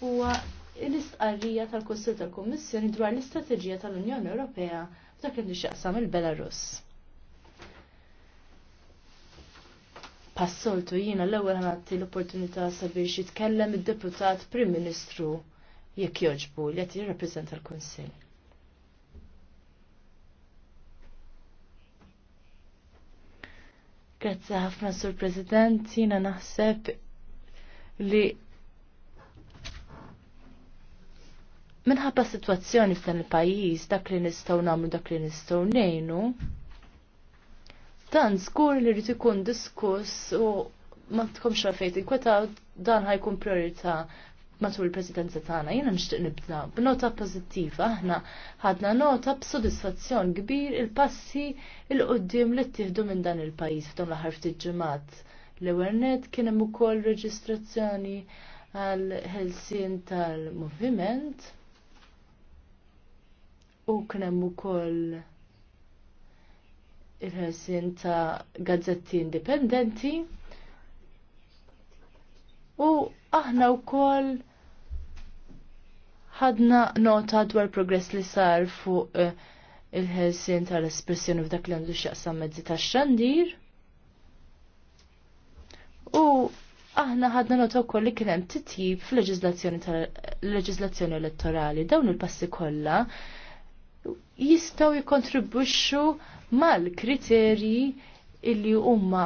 huwa l-istqarrija tal-Kussil tal-Kummissjoni dwar l-istrateġija tal-Unjoni Ewropea f'dak li xaqsam il-Belarus. Passoltu jiena l-ewwel ħanatti l-opportunità sabiex jitkellem id-deputat Prim Ministru jekk joġbu li qed jirrappreżenta l-Kunsill. Grazzi ħafna Sur President, jiena naħseb li minħabba situazzjoni f'dan il-pajjiż dak li nistgħu nagħmlu dak li nistgħu ngħinu. Dan żgur li rid ikun diskuss u ma tkomx fejt inkweta dan ħajkun priorità matul il-presidenza tagħna jiena nixtieq nibda b'nota pożittiva aħna ħadna nota b'sodisfazzjon kbir il-passi il qudiem li ttieħdu minn dan il-pajjiż f'dan l-aħħar ftit ġimgħat. L-ewwel kien hemm ukoll reġistrazzjoni għal ħelsien tal-moviment u kien hemm ukoll il-ħelsin ta' gazzetti indipendenti u aħna u koll ħadna nota dwar progress li sar fuq eh, il-ħelsin tal-espressjoni f'dak li għandu xaqsa mezzi ta' xandir u aħna ħadna nota wkoll li kien hemm titjib fil-leġiżlazzjoni tal-leġiżlazzjoni elettorali dawn il-passi kollha jistaw jikontribuxxu mal-kriterji illi huma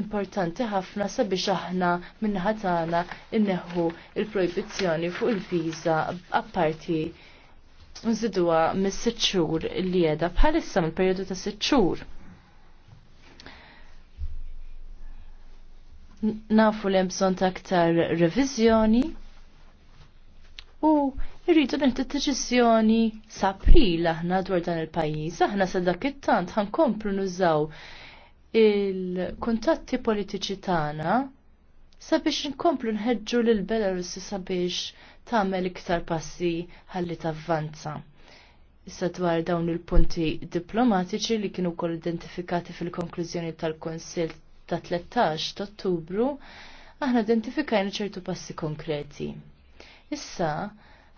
importanti ħafna sabiex aħna minnaħatana inneħu il-proibizzjoni fuq il-viza apparti nżidwa mis sitxur li jeda bħalissa mill periodu ta' sitxur. Nafu l-emson ta' aktar revizjoni u irridu neħdu deċiżjoni sa' aħna dwar dan il-pajjiż. Aħna sa dak it-tant ħankomplu nużaw il-kuntatti politiċi tagħna sabiex nkomplu nħeġġu lil Belarus sabiex tagħmel iktar passi ħalli tavvanza issa dwar dawn il-punti diplomatiċi li kienu kol identifikati fil-konklużjoni tal-Konsil ta' 13 ta' Ottubru, aħna identifikajna ċertu passi konkreti. Issa,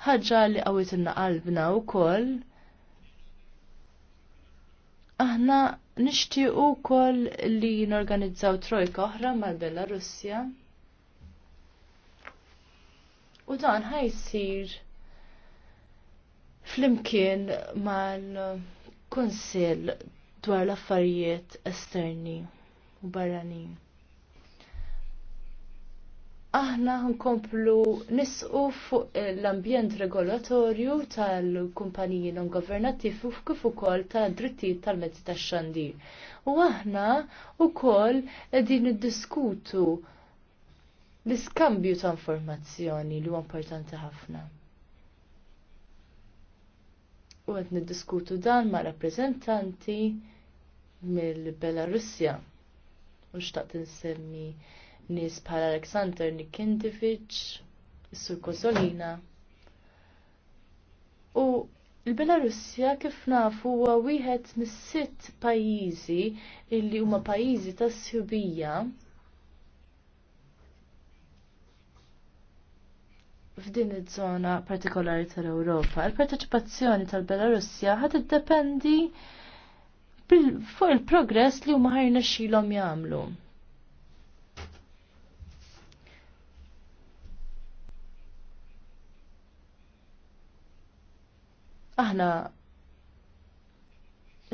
ħaġa li għawitinna qalbna u koll, aħna u koll li norganizzaw trojka oħra mal Russia. U dan ħajsir flimkien mal-Konsil dwar l-affarijiet esterni u barranin aħna nkomplu nisqu fuq l-ambjent regolatorju tal-kumpaniji non-governattiv u kif ukoll tad-drittijiet tal-mezzi tax-xandir. U aħna wkoll qegħdin niddiskutu l-iskambju ta' informazzjoni li huwa importanti ħafna. U qed niddiskutu dan ma' rappreżentanti mill-Belarusja. U xtaqt insemmi nies bħala Aleksandr Nikintivic, Sur Kosolina. U Il-Belarusja kif nafu huwa wieħed mis-sitt pajjiżi illi huma pajjiżi tas-sħubija f'din iż-żona partikolari tal-Ewropa. Il-parteċipazzjoni tal-Belarusja ħad iddependi fuq il-progress li huma ħajna xilhom jagħmlu. aħna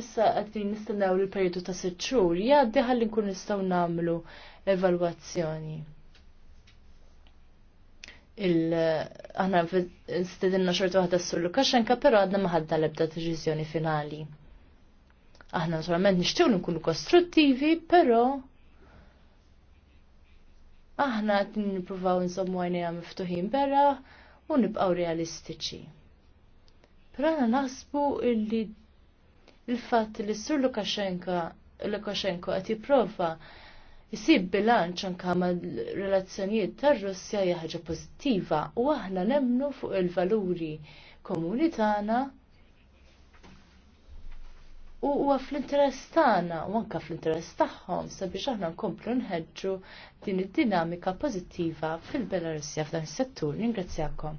issa għaddin nistennaw l-periodu ta' sitt xhur jgħaddi ħalli nkun nistgħu nagħmlu evalwazzjoni. aħna stedinna xorta waħda s-sur Lukashenka, però għadna ma ħadda l-ebda deċiżjoni finali. Aħna naturalment nixtiew nkunu kostruttivi, però aħna qed nippruvaw nżommu għajnejna miftuħin berra u nibqgħu realistiċi. Pero għana naħsbu illi il-fat li s-sur Lukashenko għati prova jisib bilanċ anka ma relazzjonijiet tar russja hija ħaġa pożittiva u aħna nemnu fuq il-valuri komuni tagħna u huwa fl-interess tagħna u anke fl-interess tagħhom sabiex aħna nkomplu nħeġġu din id-dinamika pożittiva fil-Belarusja f'dan is-settur. Ningrazzjakom.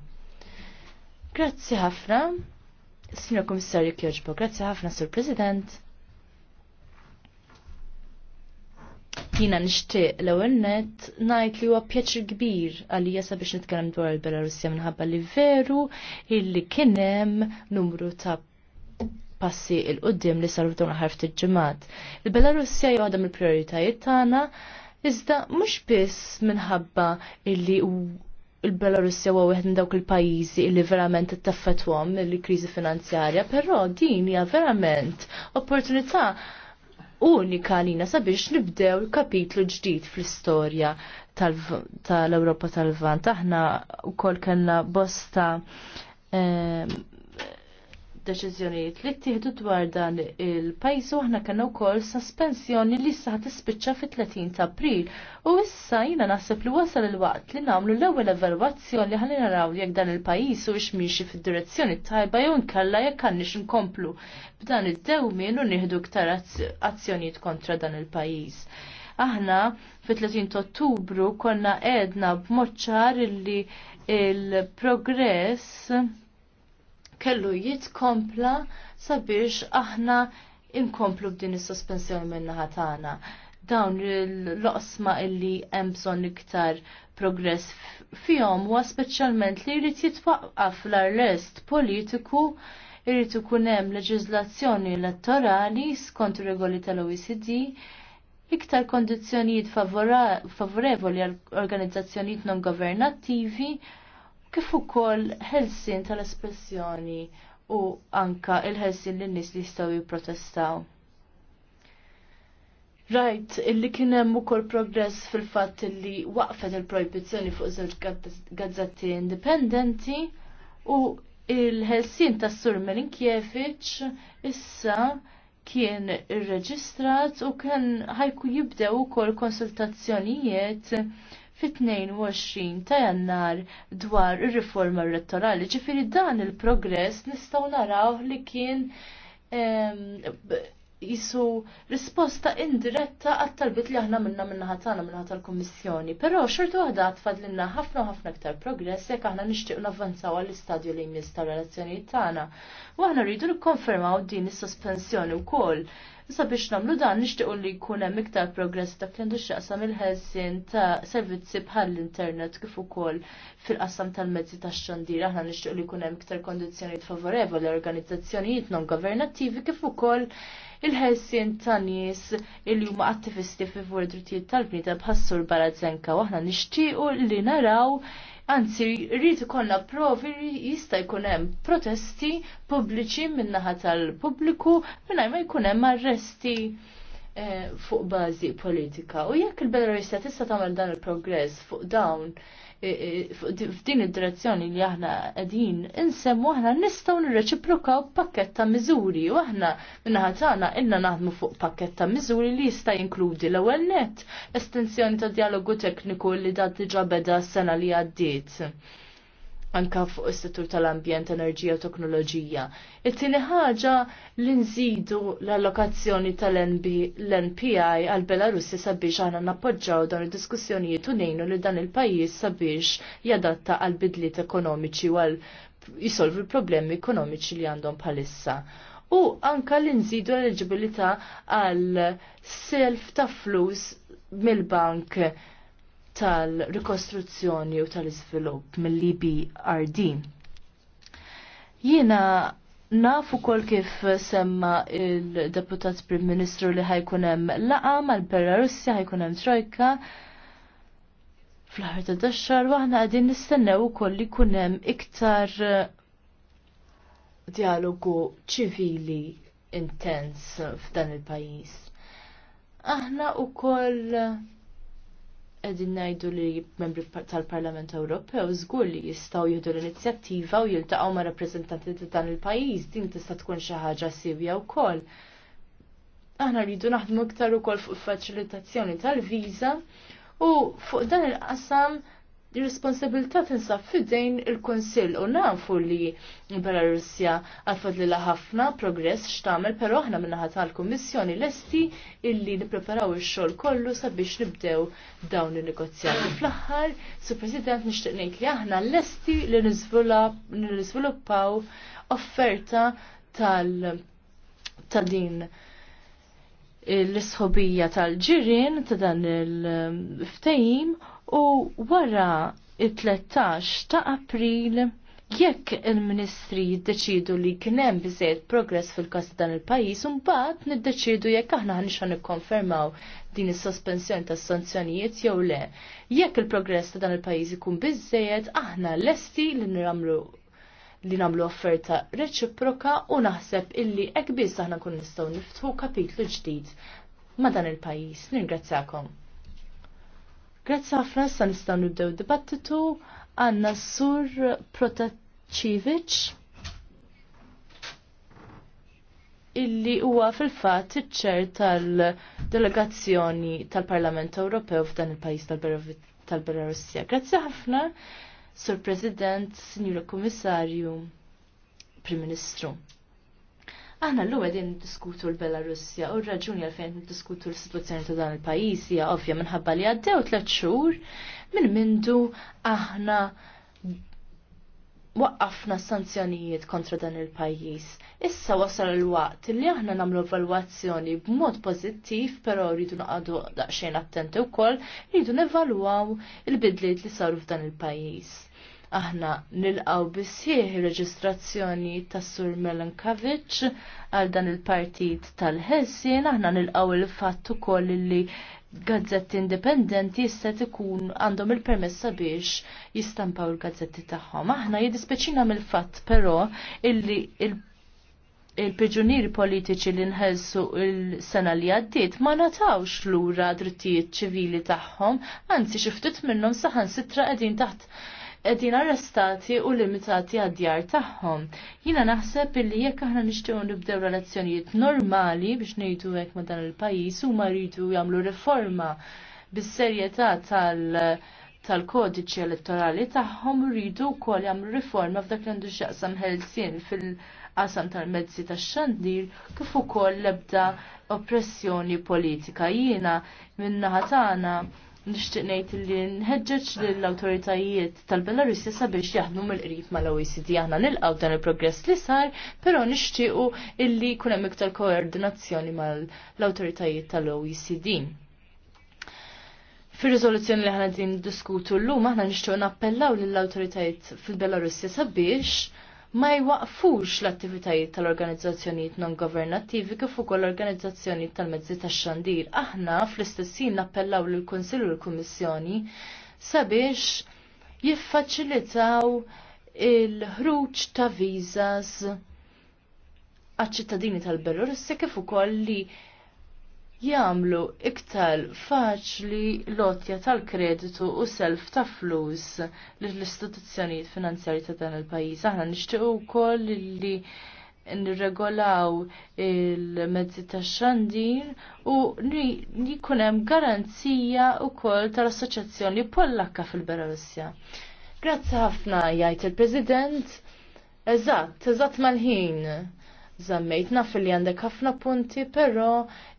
Grazzi ħafna. Signor Commissario Kjoġbo, grazzi ħafna, Sur President. Jina nishti l ewwel net najt li huwa pjaċir kbir għalija sabiex nitkellem dwar il-Belarusja minħabba li veru illi kien hemm numru ta' passi il-qoddim li saru dawn ħarf ġimgħat. Il-Belarusja jgħodha mill prioritajiet tagħna Iżda mhux biss minħabba illi il belarus sewa u minn dawk il-pajjiżi li verament ittaffetwhom il kriżi finanzjarja, però din hija verament opportunità unika lina sabiex nibdew il kapitlu ġdid fl-istorja tal-Ewropa tal-Vant. Aħna wkoll kellna bosta ehm, deċiżjonijiet li ttieħdu dwar dan il-pajjiż u aħna kellna wkoll sospensjoni li issa tispiċċa fit-30 ta' April. U issa jiena naħseb li wasal il-waqt li nagħmlu l-ewwel evalwazzjoni ħalli naraw jekk dan il-pajjiż u x'miexi fid-direzzjoni tajba jew nkella jekk għandniex inkomplu b'dan id-dewmien u nieħdu iktar azzjonijiet kontra dan il-pajjiż aħna fit-30 ta ottubru konna edna b'moċċar illi il-progress kellu jitkompla sabiex aħna inkomplu b'din is-sospensjoni min-naħa tagħna. Dawn l-oqsma illi hemm bżonn iktar progress fihom huwa speċjalment li jrid jitwaqqaf fl arrest politiku jrid ikun hemm leġiżlazzjoni elettorali skont regoli tal-OECD iktar kondizzjonijiet favorevoli għal organizzazzjonijiet non governattivi kif ukoll ħelsin tal-espressjoni u anka il-ħelsin lin nies li jistgħu jipprotestaw. Rajt, illi kien hemm ukoll progress fil-fatt li waqfet il-projbizzjoni fuq żewġ gazzetti indipendenti u il-ħelsin tas Sur Melinkiewicz issa kien irreġistrat u kien ħajku jibdew ukoll konsultazzjonijiet fit-22 ta' jannar dwar ir-riforma elettorali. Ġifiri dan il-progress nistgħu naraw li kien jisu risposta indiretta għat-talbit li aħna minna minna ħatana minna ħatal kommissjoni. Pero xortu għada għatfadlinna ħafna ħafna ktar progress jek aħna nishtiq navvanzaw għall-istadju li jmiss tal relazzjoni tagħna. U aħna rridu nikkonfermaw din is-sospensjoni wkoll Sabiex nagħmlu dan nixtiequ li jkun hemm iktar progress dak li għandu x'jaqsam il-ħelsien ta' servizzi bħal l-internet kif ukoll fil-qassam tal-mezzi tax-xandir aħna nixtiequ li jkun hemm iktar kondizzjonijiet favorevoli organizzazzjonijiet non governattivi kif ukoll il-ħelsien ta' nies il huma attivisti fi drittijiet tal-bnita bħassur Barazenka u aħna nixtiequ li naraw Anzi, rrid ikollna provi jista' jkun hemm protesti pubbliċi min-naħa tal-pubbliku mingħajr ma jkun hemm arresti eh, fuq bażi politika. U jekk il-Belarusja tista' tagħmel dan il-progress fuq dawn f'din id-direzzjoni li aħna qegħdin insemmu aħna nistgħu nirreċiprokaw pakket ta' miżuri u aħna minnaħat tagħna ilna naħdmu fuq pakket ta' miżuri li jista' jinkludi l-ewwel nett estensjoni ta' dialogu tekniku li dat diġà beda s-sena li għaddiet anka fuq is-settur tal-ambjent, enerġija u teknoloġija. It-tieni ħaġa li nżidu l-allokazzjoni tal-NPI għal Belarussi sabiex aħna nappoġġaw dawn id-diskussjonijiet u ngħinu li dan il-pajjiż sabiex jadatta għal bidliet ekonomiċi u għal jisolvu l-problemi ekonomiċi li għandhom bħalissa u anka li nżidu l-eligibilità għal self ta' flus mill-bank tal-rikostruzzjoni u tal-izvilupp mill RD. Jiena Naf ukoll kif semma il-deputat Prim Ministru li ħajkun hemm laqa mal-Belarusja ħajkun hemm trojka fl-ħar ta' daxxar waħna għadin nistennew ukoll li jkun hemm iktar dialogu ċivili intens f'dan il-pajjiż. Aħna ukoll għedin ngħidu li membri tal-Parlament Ewropew żgur li jistgħu jieħdu l-inizjattiva u jiltaqgħu ma' rappreżentanti ta' dan il-pajjiż din tista' tkun xi ħaġa sivja wkoll. Aħna rridu naħdmu iktar ukoll fuq faċilitazzjoni tal-viża u fuq dan il-qasam Ir-responsabilità tinsab fidejn il-Konsill u nafu li Belarusja għalfad li ħafna progress x'tamel, però aħna minnaħat tal-Kummissjoni lesti illi nippreparaw ix-xogħol kollu sabiex nibdew dawn in-negozjati. Fl-aħħar, su President nixtieq ngħid li aħna lesti li niżviluppaw offerta tal ta' din l-isħobija tal-ġirien ta' dan il-ftejim u wara il-13 ta' april jekk il-ministri jiddeċidu li kienem bizzejt progress fil-kas dan il-pajis, bat niddeċidu jekk aħna ħanixan nikkonfermaw din is-sospensjoni tas sanzjonijiet jew le. Jekk il-progress ta' dan il-pajis ikun bizzejt aħna lesti li niramlu li namlu offerta reċiproka u naħseb illi ekbis biss aħna kun nistgħu niftħu kapitlu ġdid ma' dan il-pajjiż. Ningrazzjakom. Grazzi ħafna issa nistgħu nibdew dibattitu għandna sur Protacevic illi huwa fil-fatt iċ tal-delegazzjoni tal-Parlament Ewropew f'dan il-pajjiż tal-Belarusja. Grazzi ħafna. Sur President, Signora Kommissarju, Prim Ministru. Aħna l għedin diskutu l-Belarusja u r-raġuni għalfejn diskutu l-situazzjoni ta' dan il-pajis hija ovvja minħabba li għaddew tliet xhur minn mindu aħna waqqafna sanzjonijiet kontra dan il-pajjiż. Issa wasal il-waqt li aħna nagħmlu evalwazzjoni b'mod pożittiv, però rridu naqgħdu daqsxejn attenti wkoll, rridu nevalwaw il-bidliet li saru f'dan il-pajjiż aħna nilqaw bisħieħ reġistrazzjoni tas Sur Melankovic għal dan il-partit tal-Helsien, aħna nilqaw il-fatt ukoll li gazzetti indipendenti jista' tkun għandhom il-permessa biex jistampaw il-gazzetti tagħhom. Aħna jidispeċina mill-fatt però illi il- il-priġunieri politiċi li nħelsu il-sena li għaddiet ma natawx lura drittijiet ċivili tagħhom, anzi xi ftit minnhom saħan sitra qegħdin taħt edin arrestati u limitati għad-djar tagħhom. Jiena naħseb illi jekk aħna nixtiequ nibdew relazzjonijiet normali biex ngħidu hekk ma' dan il-pajjiż huma rridu jagħmlu riforma bis-serjetà tal- tal-kodiċi elettorali tagħhom rridu wkoll jagħmlu riforma f'dak li għandu x'jaqsam ħelsien fil-qasam tal-mezzi tax-xandir kif ukoll l-ebda oppressjoni politika. Jiena min-naħa tagħna nixtieq ngħid li nħeġġeġ lill-awtoritajiet tal-Belarusja sabiex jaħdmu mill-qrib mal-OECD aħna nilqgħu dan il-progress li sar, però nixtiequ illi jkun hemm iktar koordinazzjoni mal-awtoritajiet tal-OECD. Fir-riżoluzzjoni li ħana din diskutu llum aħna nixtieq nappellaw lill-awtoritajiet fil-Belarusja sabiex ma jwaqfux l-attivitajiet tal-organizzazzjonijiet non-governattivi kif ukoll l-organizzazzjonijiet tal-mezzi tax-xandir. Aħna fl-istessin nappellaw lill kunsill u l-Kummissjoni sabiex jiffaċilitaw il-ħruġ ta' viżas għaċ-ċittadini tal-Belorussi kif ukoll li jagħmlu iktar faċli lotja tal-kreditu u self ta' flus l-istituzzjonijiet finanzjarji ta' dan il-pajjiż. Aħna nixtiequ wkoll li nirregolaw il-mezzi ta' xandir u nikunem garanzija u koll tal-Assoċjazzjoni Pollakka fil-Belarusja. Grazzi ħafna, jgħid il-President. Eżatt, eżatt mal-ħin zammejt. Naf li għandek ħafna punti, pero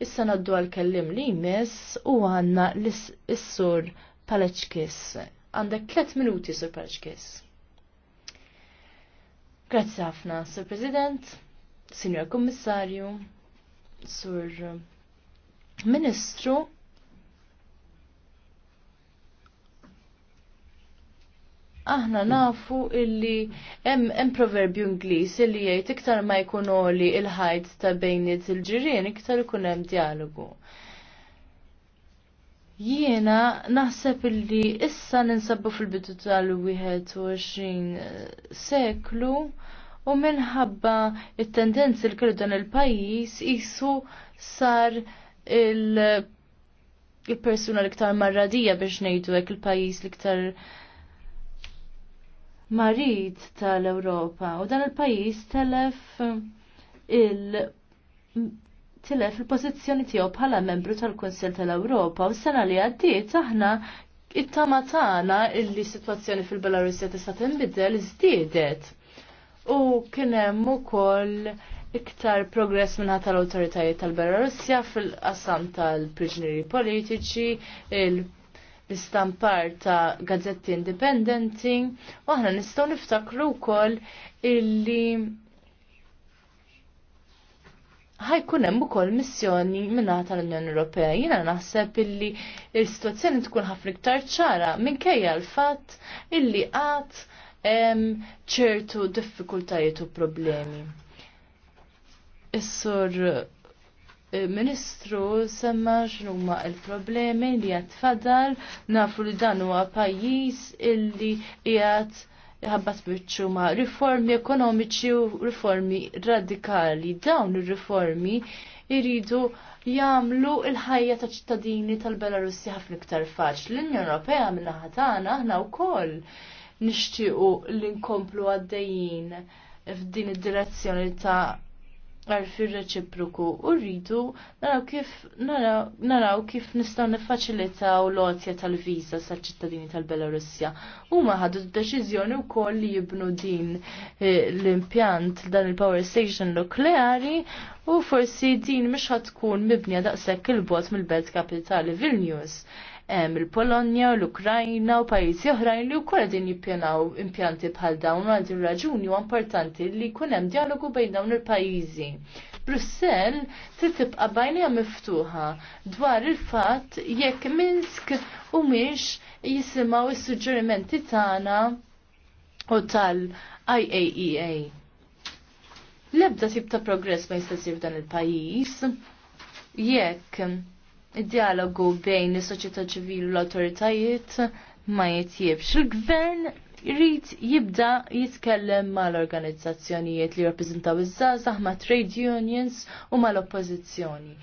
issa naddu għal-kellim li jmiss u għanna l-sur Paleċkis. Għandek 3 minuti, sur Paleċkis. Grazzi ħafna, sur President, Signor Kommissarju, sur Ministru, aħna nafu illi hemm proverbju Ingliż illi jgħid iktar ma jkun oli il-ħajt ta' bejniet il-ġirien iktar ikun hemm dialogu. Jiena naħseb illi issa ninsabu fil-bidu tal-21 eh, seklu u minħabba it-tendenzi li kellu dan il-pajjiż isu sar il- persuna l-iktar marradija biex ngħidu hekk il pajjiż l-iktar Marit tal-Ewropa u dan il-pajis telef il tilef il-pozizjoni tiegħu bħala membru tal-Kunsill tal-Ewropa u sena li għaddiet aħna it-tama tagħna illi situazzjoni fil-Belarusja tista' tinbidel żdiedet. U kien hemm ukoll iktar progress minn tal awtoritajiet tal-Belarusja fil-qasam tal-priġnieri politiċi, il l-istampar ta' gazzetti indipendenti u aħna nistgħu niftakru wkoll illi ħajkun hemm ukoll missjoni mingħajr tal-Unjoni Ewropea. Jiena naħseb illi l-sitwazzjoni tkun ħafna iktar ċara minkejja l-fatt illi qatt hemm ċertu diffikultajiet u problemi. Is-sur ministru semma x'numa l-problemi li qed tfadal nafu li dan huwa pajjiż illi qiegħed ħabbat biċċu ma' riformi ekonomiċi u riformi radikali. Dawn ir-riformi iridu jagħmlu l-ħajja ta' ċittadini tal-Belarussi ħafna iktar faċ. L-Unjoni Ewropea min-naħa tagħna aħna wkoll nixtiequ li nkomplu għaddejjin f'din id-direzzjoni ta' għarfir reċiproku u rridu naraw kif, naraw kif nistaw nifaċilita u lotja tal viża sal-ċittadini tal-Belorussja. Huma ħadu d-deċiżjoni wkoll li jibnu din eh, l-impjant dan il-power station nukleari u forsi din mhux tkun mibnija daqshekk il-bot mill-belt kapitali Vilnius hemm il-Polonja, l-Ukrajna u pajjiżi oħrajn li wkoll qegħdin jippjanaw impjanti bħal dawn għal din raġuni huwa importanti li jkun hemm dialogu bejn dawn il-pajjiżi. Brussell trid tibqa' bajnija miftuħa dwar il-fatt jekk Minsk humiex jisimgħu is-suġġerimenti tagħna u tal-IAEA. E L-ebda tip ta' progress ma jistassir f'dan il-pajis jekk id-dialogu bejn is-soċjetà ċivili u l-awtoritajiet ma jitjibx. Il-gvern jrid jibda jitkellem mal-organizzazzjonijiet li rappreżentaw iż-żgħażagħ ma' trade unions u mal-oppożizzjoni.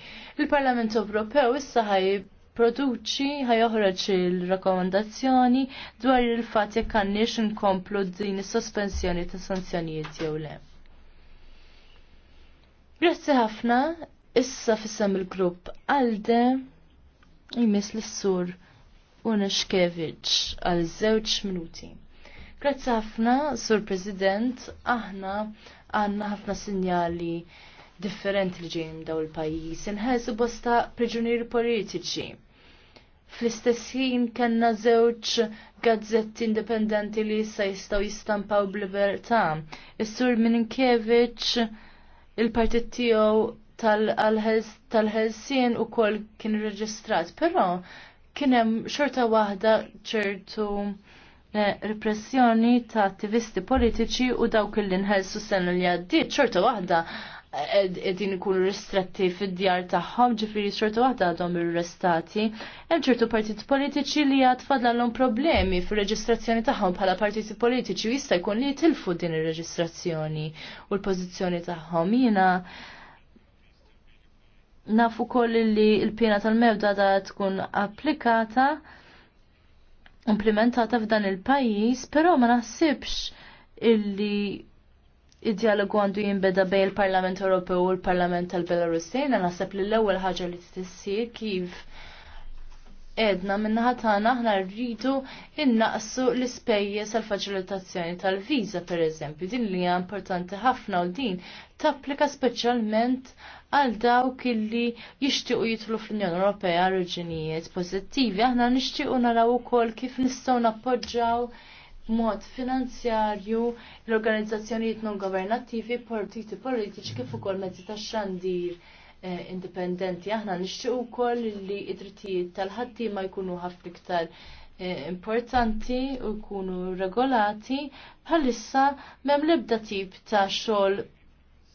Il-Parlament Ewropew issa ħaj produċi ħajoħroġ il-rakkomandazzjoni dwar il-fatt jekk għandniex inkomplu din is-sospensjoni ta' sanzjonijiet jew le. Grazzi ħafna, issa fissem il-grupp Alde jmiss l-sur Unashkevich għal żewġ minuti. Grazzi ħafna, Sur President, aħna għanna ħafna sinjali differenti li ġejn daw il-pajjiż inħelsu bosta priġunieri politiċi. Fl-istess ħin kellna żewġ gazzetti indipendenti li issa jistgħu jistampaw b'libertà. Is-Sur Minkevich il-partit tiegħu tal-ħelsien u kol kien reġistrat, pero kienem xorta wahda ċertu eh, repressjoni ta' attivisti politiċi u dawk il nħelsu sen sena li għaddiet, xorta wahda eh, edin ikunu ristretti fid-djar tagħhom, ġifiri xorta waħda għadhom irrestati. Hemm ċertu partiti politiċi li għad fadlalhom problemi fir-reġistrazzjoni tagħhom bħala partiti politiċi jista' jkun li jitilfu din ir-reġistrazzjoni u l-pożizzjoni tagħhom. jina nafu koll li l-pjena tal-mewda da tkun applikata, implementata f'dan il-pajis, pero ma nasibx illi id-dialogu għandu jimbeda bej il-Parlament Ewropew u l-Parlament tal-Belarusina, naħseb li l-ewwel ħaġa li tissir kif edna minna tagħna aħna rridu innaqsu l-ispejjeż sal faċilitazzjoni tal per pereżempju. Din li hija importanti ħafna u din tapplika speċjalment għal dawk illi jixtiequ jitlu fl-Unjoni Ewropea raġunijiet pożittivi. Aħna nixtiequ naraw ukoll kif nistgħu nappoġġjaw mod finanzjarju l-organizzazzjonijiet non governattivi, partiti politiċi kif ukoll mezzi ta' xandir eh, indipendenti. Aħna nixtiequ wkoll li id-drittijiet tal-ħaddiema jkunu ħafna iktar eh, importanti u jkunu regolati bħalissa mem libda tip ta' xogħol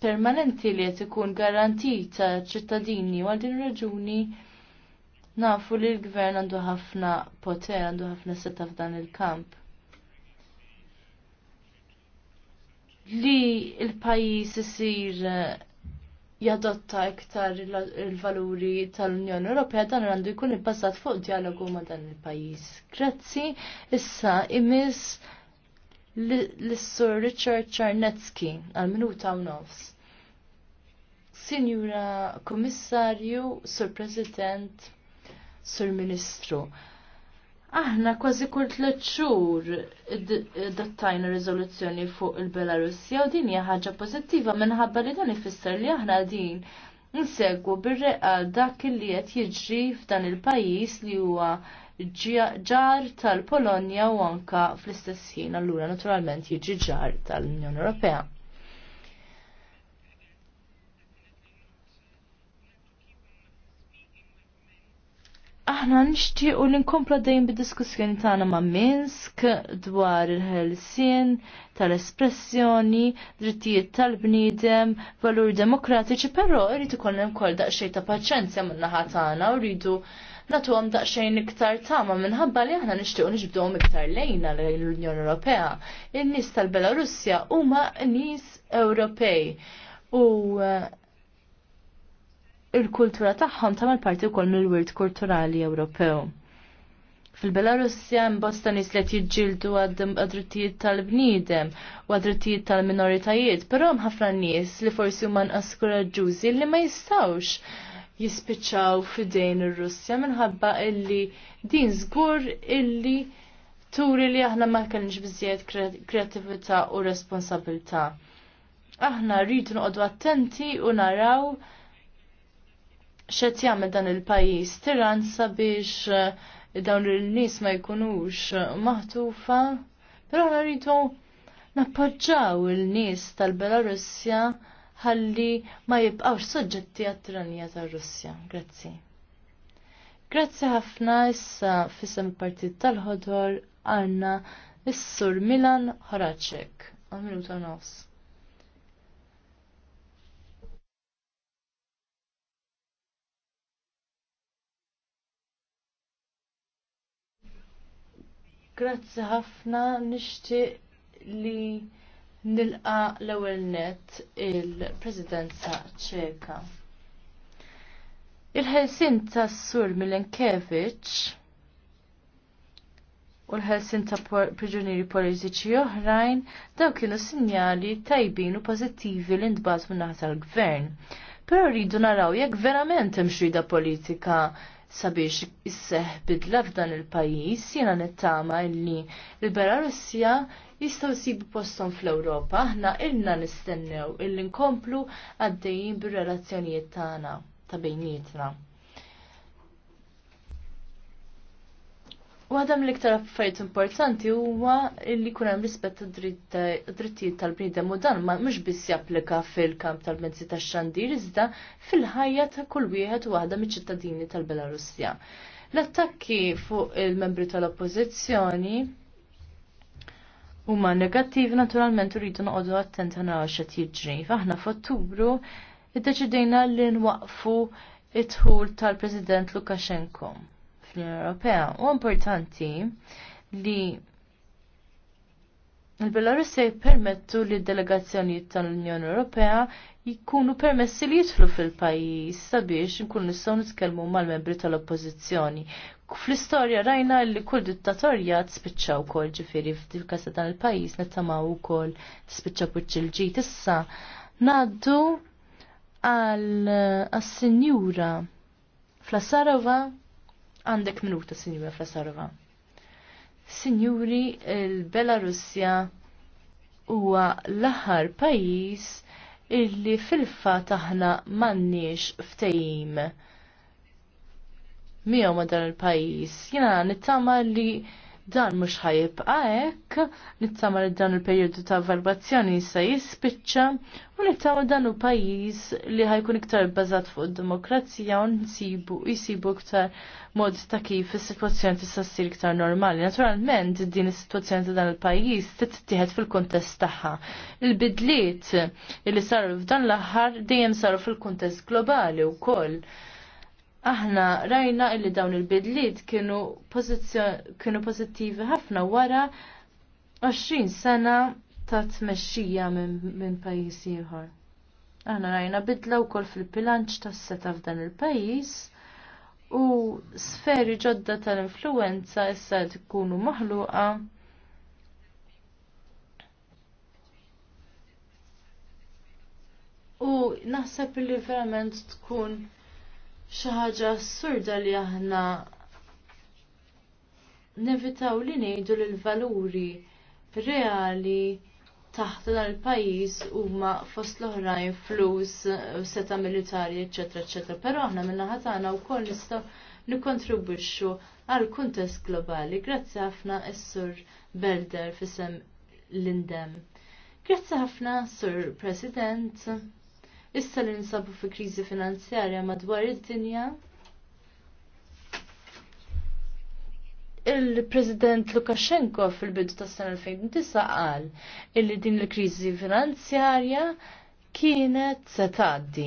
permanenti li qed ikun garantita ċittadini u għal din raġuni nafu li l-gvern għandu ħafna poter, għandu ħafna seta f'dan il-kamp. Li il-pajis isir eh, jadotta iktar il-valuri tal-Unjoni Ewropea dan għandu jkun ibbażat fuq dialogu ma' dan il-pajjiż. Grazzi, issa imis l-Sir Richard Czarnecki għal-minuta u nofs. Sinjura Komissarju, Sur President, Sur Ministru. Aħna kważi kull tliet xhur dattajna riżoluzzjoni fuq il-Belarusja u din hija ħaġa pożittiva minħabba li dan ifisser li aħna din nsegwu bir reqal dak li qed jiġri f'dan il-pajjiż li huwa ġar tal-Polonja u anka fl-istess ħin allura naturalment jiġi ġar tal-Unjoni Ewropea. Aħna nixtiequ li nkomplu dejjem bid-diskussjoni tagħna ma' Minsk dwar il-ħelsien tal-espressjoni, drittijiet tal-bniedem, valur demokratiċi, però rrid ikollna wkoll daqsxejn ta' paċenzja min-naħa tagħna u rridu natu għam daqxajn iktar tama minħabba li aħna nishtiqu nġibduhom iktar lejna l-Unjoni Ewropea. Il-nis tal-Belarusja huma nis Ewropej u eh, il-kultura tagħhom tagħmel parti wkoll mill-wirt kulturali Ewropew. Fil-Belarusja mbosta nis li jġildu għad-drittijiet tal-bniedem u għad-drittijiet tal-minoritajiet, però ħafna nies li forsi huma nqas li ma jistawx jispiċċaw fidejn ir-Russja minħabba illi din żgur illi turi li aħna ma kellniex biżjed kreattività u responsabilità. Aħna rridu noqogħdu attenti u naraw xed jagħmel dan il-pajjiż tiran sabiex eh, dawn il-nies ma jkunux maħtufa, però aħna rridu nappoġġaw il-nies tal belarussja ħalli ma jibqawx soġġetti għat-tiranija tar-Russja. Grazzi. Grazzi ħafna issa fissem partit tal-ħodor għanna Is-Sur Milan Horaċek, Għamiluta nofs. Grazzi ħafna nixtieq li nilqa l-ewwel net il-Presidenza ċeka. Il-ħelsin tas Sur Milenkevic u l-ħelsin ta' priġunieri politiċi oħrajn daw kienu sinjali tajbin u pożittivi li ntbagħtu naħa tal-gvern. Pero rridu naraw jekk verament hemm xrida politika sabiex isseħ bidla f'dan il-pajis, jena nittama illi il-Belarusja jistaw sibu postom fl-Europa, aħna ilna nistennew illi nkomplu għaddejjin bir-relazzjonijiet tagħna ta' bejnietna. U għadam l-iktar affarijiet importanti huwa li kun hemm rispett drittijiet tal-bniedem u dan ma mhux biss japplika fil-kamp tal-mezzi tax-xandir iżda fil-ħajja ta' kull wieħed u waħda miċ-ċittadini tal-Belarusja. L-attakki fuq il-membri tal-Oppożizzjoni huma negattivi naturalment uridu noqogħdu attenti naraw x'qed jiġri. F'aħna f'Ottubru iddeċidejna li nwaqfu it-tħul tal-President Lukashenko fl-Unjoni Ewropea. U importanti li l belarusja jippermettu li d-delegazzjonijiet tal-Unjoni Ewropea jikunu permessi li jidħlu fil-pajjiż sabiex nkun nistgħu nitkellmu mal-membri tal-oppożizzjoni. Fl-istorja rajna li kull dittatorja tspiċċa wkoll ġifieri fdil dan il-pajjiż nittamaw ukoll tispiċċa ġid issa ngħaddu għal sinjura Flasarova Għandek minuta, Sinjura Fasarova. Sinjuri, il-Belarusja huwa l-aħħar pajjiż illi fil fa taħna m'għandniex ftehim miegħu ma dan il-pajjiż. Jiena nittama li Dan mhux ħajibqa' hekk, nittama li dan il-perjodu ta' evalwazzjoni se jispiċċa u nittama dan hu pajjiż li ħajkun iktar bbażat fuq id-demokrazija u nsibu jsibu iktar mod ta' kif is-sitwazzjoni tista' ssir iktar normali. Naturalment din is-sitwazzjoni ta' dan il-pajjiż tittieħed fil-kuntest tagħha. Il-bidliet li saru f'dan l-aħħar dejjem saru fil-kuntest globali wkoll aħna rajna illi dawn il-bidliet kienu kienu pozittivi ħafna wara 20 sena ta' tmexxija minn pajjiż ieħor. Aħna rajna bidla wkoll fil-bilanċ tas-seta f'dan il-pajjiż u sferi ġodda tal-influenza issa tkunu maħluqa U naħseb li verament tkun xi ħaġa assurda li aħna nevitaw li ngħidu li l-valuri reali taħt dan il-pajjiż huma fost l-oħrajn flus seta' militari eċetera eċetera. Però aħna min-naħa tagħna wkoll nistgħu nikkontribwixxu għal kuntest globali. Grazzi ħafna s-sur Belder fisem l-indem. Grazzi ħafna, Sur President issa li nsabu fi kriżi finanzjarja madwar id-dinja. il-President Lukashenko fil-bidu tas sena 2009 qal illi din il-kriżi finanzjarja kienet se tgħaddi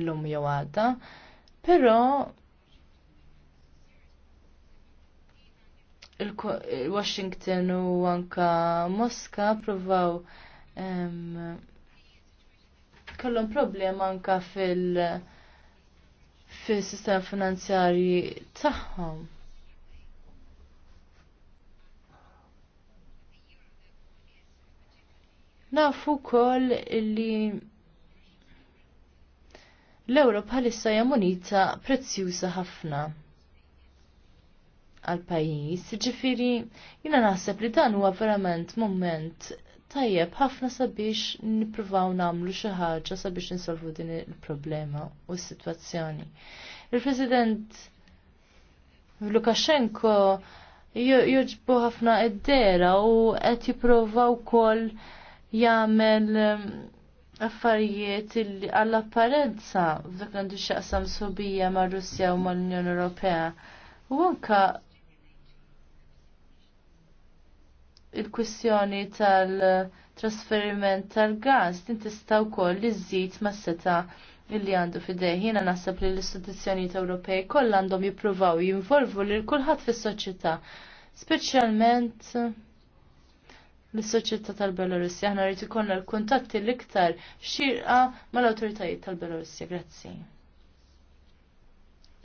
illum jew pero però il-Washington u anka Mosca provaw um, kellhom problema anka fil- fil-sistema finanzjarji tagħhom. Nafu wkoll li l-euro bħalissa hija moneta prezzjuża ħafna għal pajjiż, ġifiri jina naħseb li dan huwa verament moment tajjeb ħafna sabiex nippruvaw nagħmlu xi ħaġa sabiex nisolvu din il-problema u s-sitwazzjoni. Il-President Lukashenko joġbu ħafna id-dera u qed jipprova wkoll jagħmel ehm, affarijiet għall-apparenza dak li għandu x'aqsam sobija mar-Russja u mal-Unjoni Ewropea. U anka il kwissjoni tal-trasferiment tal-gas tintista' wkoll iżżid mas-seta' illi għandu fidejh. Jiena naħseb li l-istituzzjonijiet Ewropej kollha għandhom jippruvaw jinvolvu lil kulħadd fis-soċjetà, speċjalment l-soċjetà tal belorussi Aħna rrid ikollna l-kuntatti l-iktar xirqa mal-awtoritajiet tal belorussi Grazzi.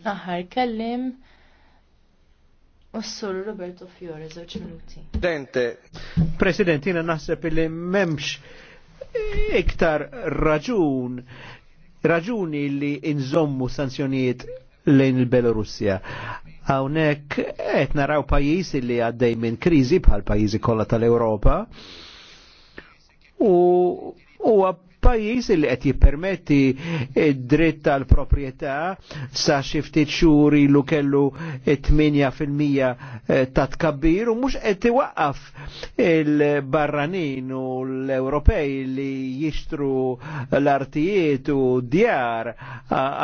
Naħar kellim Ossolu Roberto Fiore, zoċ minuti. Presidente. President, jina naħseb li memx iktar raġun, raġuni li inżommu sanzjonijiet lejn il-Belorussja. Hawnhekk qed naraw pajjiż li għaddej minn kriżi bħal pajjiżi kollha tal-Ewropa u huwa pajis li qed jippermetti d dritt tal-proprjetà sa xi ftit xhur ilu kellu 8% eh, ta' tkabbir u mhux qed iwaqqaf il-barranin u l-Ewropej li jixtru l-artijiet u djar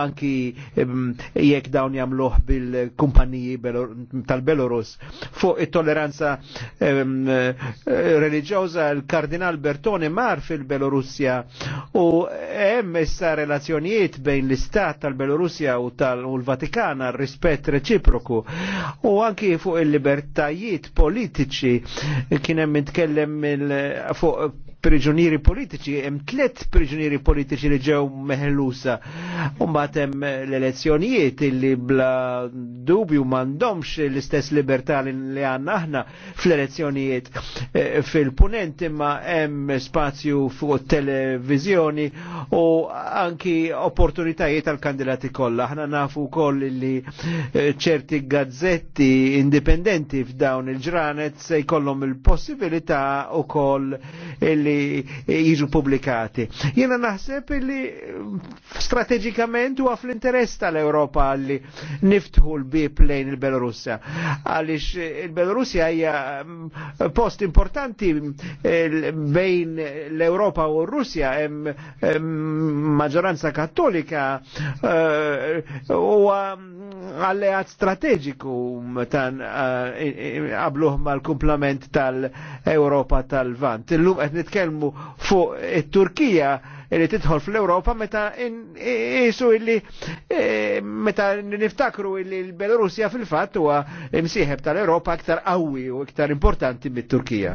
anki jekk dawn jagħmluh bil-kumpaniji tal-Belorus fuq it-toleranza eh, reliġjoża l-Kardinal Bertone mar fil-Belorussja U hemm issa relazzjonijiet bejn l-Istat tal-Belorussja u tal-Vatikan għal rispett reċiproku. U anki fuq il-libertajiet politiċi kien hemm mill fuq priġunieri politiċi, hemm tliet priġunieri politiċi li ġew meħlusa. Umbat hemm l-elezzjonijiet li bla dubju m'għandhomx l-istess libertà li għandna aħna fl-elezzjonijiet eh, fil-punent imma hemm spazju fuq televiżjoni u anki opportunitajiet għal kandidati kollha. Aħna nafu wkoll li eh, ċerti gazzetti indipendenti f'dawn il-ġranet se jkollhom il-possibilità ukoll il li jiġu publikati. Jena naħseb li strategikament huwa fl-interess tal-Europa li niftħu l-bib lejn il-Belorussja. Għalix il-Belorussja hija mm, post importanti eh, bejn l-Europa u r-Russja hemm maġġoranza kattolika eh, huwa mm, alleat strategiku tan eh, qabluh mal-kumplament tal-Europa tal-Vant. Illum qed nitkelmu fuq it-Turkija li tidħol fl-Europa meta isu illi e, meta niftakru illi l-Belorussja fil-fatt huwa msieħeb tal-Europa aktar qawwi u iktar importanti mit-Turkija.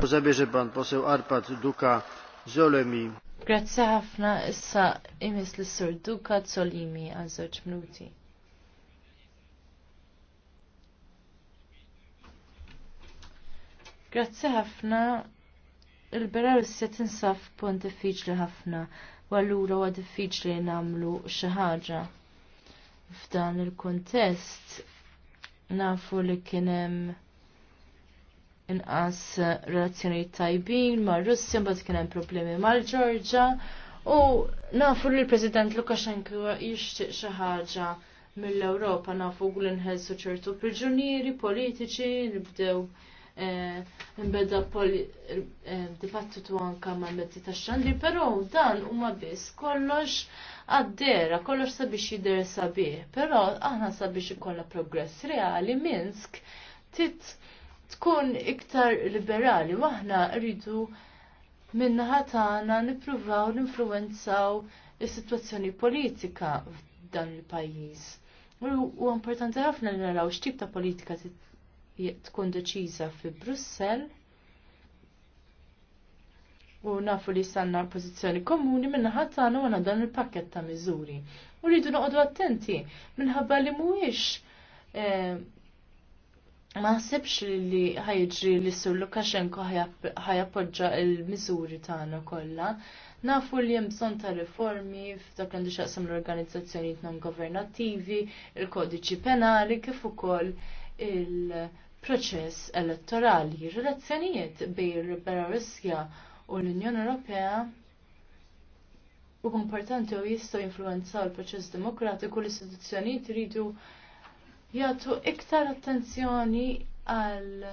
Grazzi ħafna issa imis l-sur Duka Zolimi għal żewġ minuti. Grazzi ħafna il-Belarusja tinsaf punt diffiċli ħafna u allura huwa diffiċli nagħmlu xi ħaġa. F'dan il-kuntest nafu li kien hemm inqas relazzjonijiet tajbin mar Russja, mbagħad kien hemm problemi mal-Ġorġa u nafu li l-President Lukashenko jixtieq xi ħaġa mill-Ewropa nafu li nħelsu ċertu priġunieri politiċi li Eh, imbeda eh, dibattitu anka ma' mezzi ta' xandri, pero dan huma biss kollox għaddera, kollox sabiex jider sabiħ, pero aħna sabiex ikolla progress reali, Minsk tit tkun iktar liberali, waħna rridu minna ħatana nipruvaw ninfluenzaw is-sitwazzjoni politika f'dan il-pajjiż. U importanti ħafna naraw x'tip ta' politika tkun deċiża fi Brussell u nafu li sanna l-pozizjoni komuni minna ħatana u dan il-pakket ta' miżuri. U rridu noqodu attenti minħabba li mhuwiex eh, ma ħsibx li ħajġri li sur Lukashenko ħajappoġġa il-miżuri tagħna kollha. Nafu li hemm bżonn ta' riformi f'dak għandu xaqsam l-organizzazzjonijiet non governattivi, il-kodiċi penali kif ukoll il-proċess elettorali. Relazzjonijiet bejn Belarusja u l-Unjoni Ewropea u importanti u jistgħu jinfluenzaw il-proċess demokratiku l-istituzzjonijiet iridu jagħtu iktar attenzjoni għal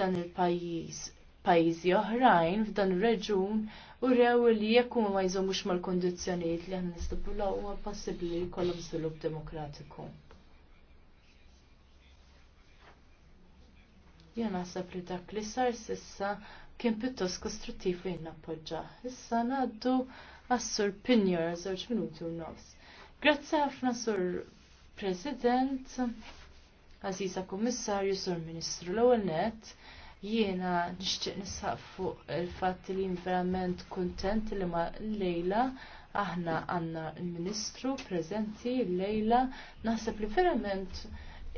dan il-pajjiż pajjiżi oħrajn f'dan ir-reġun u rew li jekk huma ma jżommux mal-kondizzjonijiet li aħna nistipulaw huwa possibbli li jkollhom żvilupp demokratiku. Jena naħseb li dak li sar sissa kien pjuttost kostruttiv li jien nappoġġa. Issa ngħaddu għas-sur Pinjor żewġ minuti u nofs. Grazzi ħafna sur President, Aziza Kummissarju, sur Ministru l-ewwel jiena nixtieq nisħaq fuq il fat li jien verament kuntent li ma lejla aħna għandna l-Ministru l lejla naħseb li verament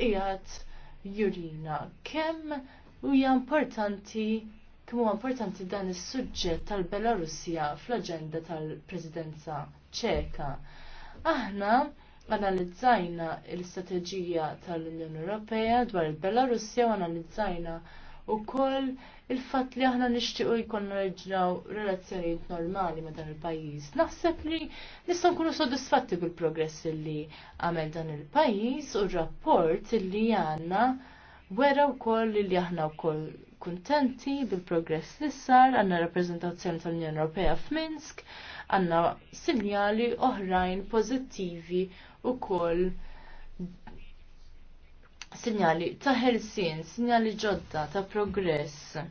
qiegħed jurina kemm huja importanti kemm huwa importanti dan is-suġġett tal-Belarusja fl-aġenda tal-Presidenza ċeka. Aħna analizzajna l-istrateġija tal-Unjoni Ewropea dwar il-Belarusja u analizzajna koll il-fatt li aħna nixtiequ jkollna reġnaw relazzjonijiet normali ma' dan il-pajjiż. Naħseb li nistgħu nkunu sodisfatti bil-progress li għamel dan il-pajjiż u r-rapport li għandna wera wkoll li aħna wkoll kuntenti bil-progress li sar għandna rappreżentazzjoni tal-Unjoni Ewropea f'Minsk, għandna sinjali oħrajn pożittivi koll sinjali ta' ħelsien, sinjali ġodda ta' progress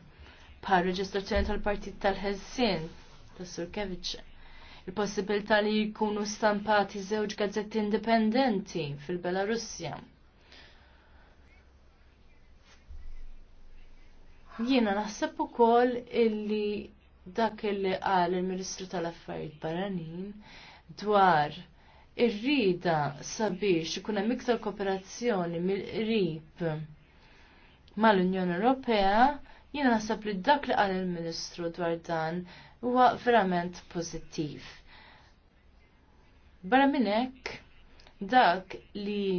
par reġistrazzjoni tal-partit tal helsin ta' Surkevich. Il-possibilità li jkunu stampati żewġ gazzetti indipendenti fil-Belarusja. Jiena naħseb ukoll illi dak illi qal il-Ministru tal-Affarijiet Barranin dwar Irrida sabiex ikun hemm iktar kooperazzjoni mill-qrib mal-Unjoni Ewropea, jiena naħseb li dak li qal il-Ministru dwar dan huwa verament pożittiv. Barra minn hekk, dak li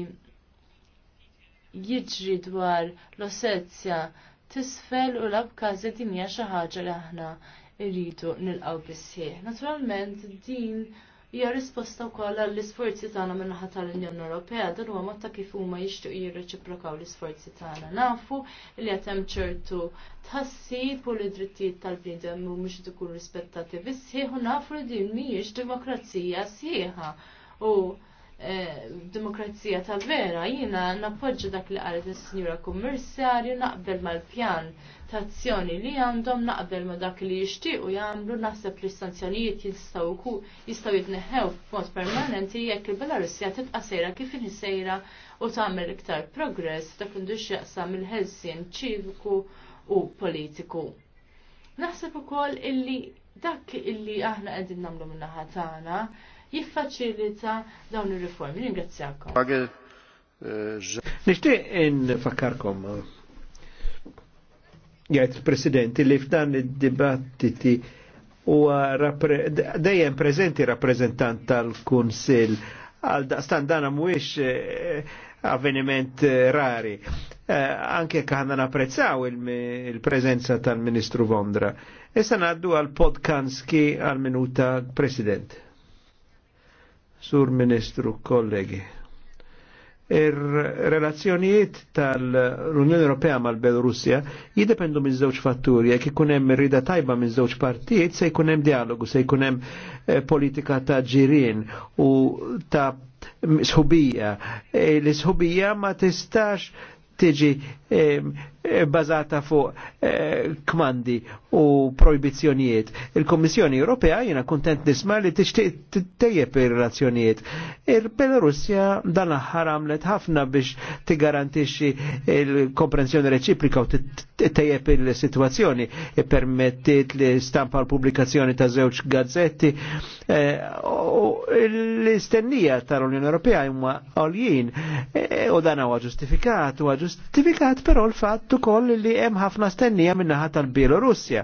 jiġri dwar l-ossezzja tisfel u l-abkazi dinja xi ħaġa li aħna rridu nilqgħu bissieħ. Naturalment din hija risposta wkoll għall isforzi tagħna min-naħa tal-Unjoni Ewropea dan huwa mod ta' kif huma jixtiequ jirreċiprokaw l-isforzi tagħna. Nafu li qed hemm ċertu tħassib u li drittijiet tal-bniedem mhumiex ikun rispettati bissieħ u nafu li din mhijiex demokrazija sieħa. U e, demokrazija ta' vera, jina nappoġġa dak li qalet is-Sinjura Kummissarju naqbel mal-pjan tazzjoni li għandhom naqbel ma dak li jixtiequ jagħmlu naħseb li sanzjonijiet jistgħu jistgħu jitneħew f'mod permanenti jekk il-Belarusja tibqa' sejra kif sejra u tagħmel iktar progress ta' indux jaqsam il-ħelsien ċiviku u politiku. Naħseb ukoll illi dak illi aħna qegħdin nagħmlu min-naħa tagħna jiffaċilita dawn ir-riformi. Ringrazzjakom. Eh, Nixtieq infakkarkom jgħajt Presidenti li f'dan id-dibattiti u dejjem prezenti rappresentant tal-Kunsill għal daqstan dan mhuwiex eh, avveniment eh, rari. Eh, anke kħanna napprezzaw il-prezenza tal-Ministru Vondra. Issa naddu għal podkanski għal minuta President. Sur Ministru, kollegi. Ir-relazzjonijiet tal-Unjoni Ewropea mal-Belorussja jiddependu minn żewġ fatturi, jekk ikun hemm rida tajba minn żewġ partijiet se jkun hemm dialogu, se jkun hemm eh, politika ta' ġirien u ta' sħubija. E, l-sħubija ma tistax tiġi Eh, bazata fuq eh, kmandi u projbizzjonijiet. Il-Kommissjoni Ewropea jiena kuntent nisma li tixtieq tejjeb ir-relazzjonijiet. Il-Belarusja dan aħħar għamlet ħafna biex tigarantixxi il-komprensjoni reċiprika u tejjeb il-sitwazzjoni. Permettit li stampa l-pubblikazzjoni ta' żewġ gazzetti eh, u l-istennija tal-Unjoni Ewropea huma għoljien u dan huwa ġustifikat, huwa ġustifikat però l-fatt ukoll li hemm ħafna stennija minnaħa tal-Bielorussja.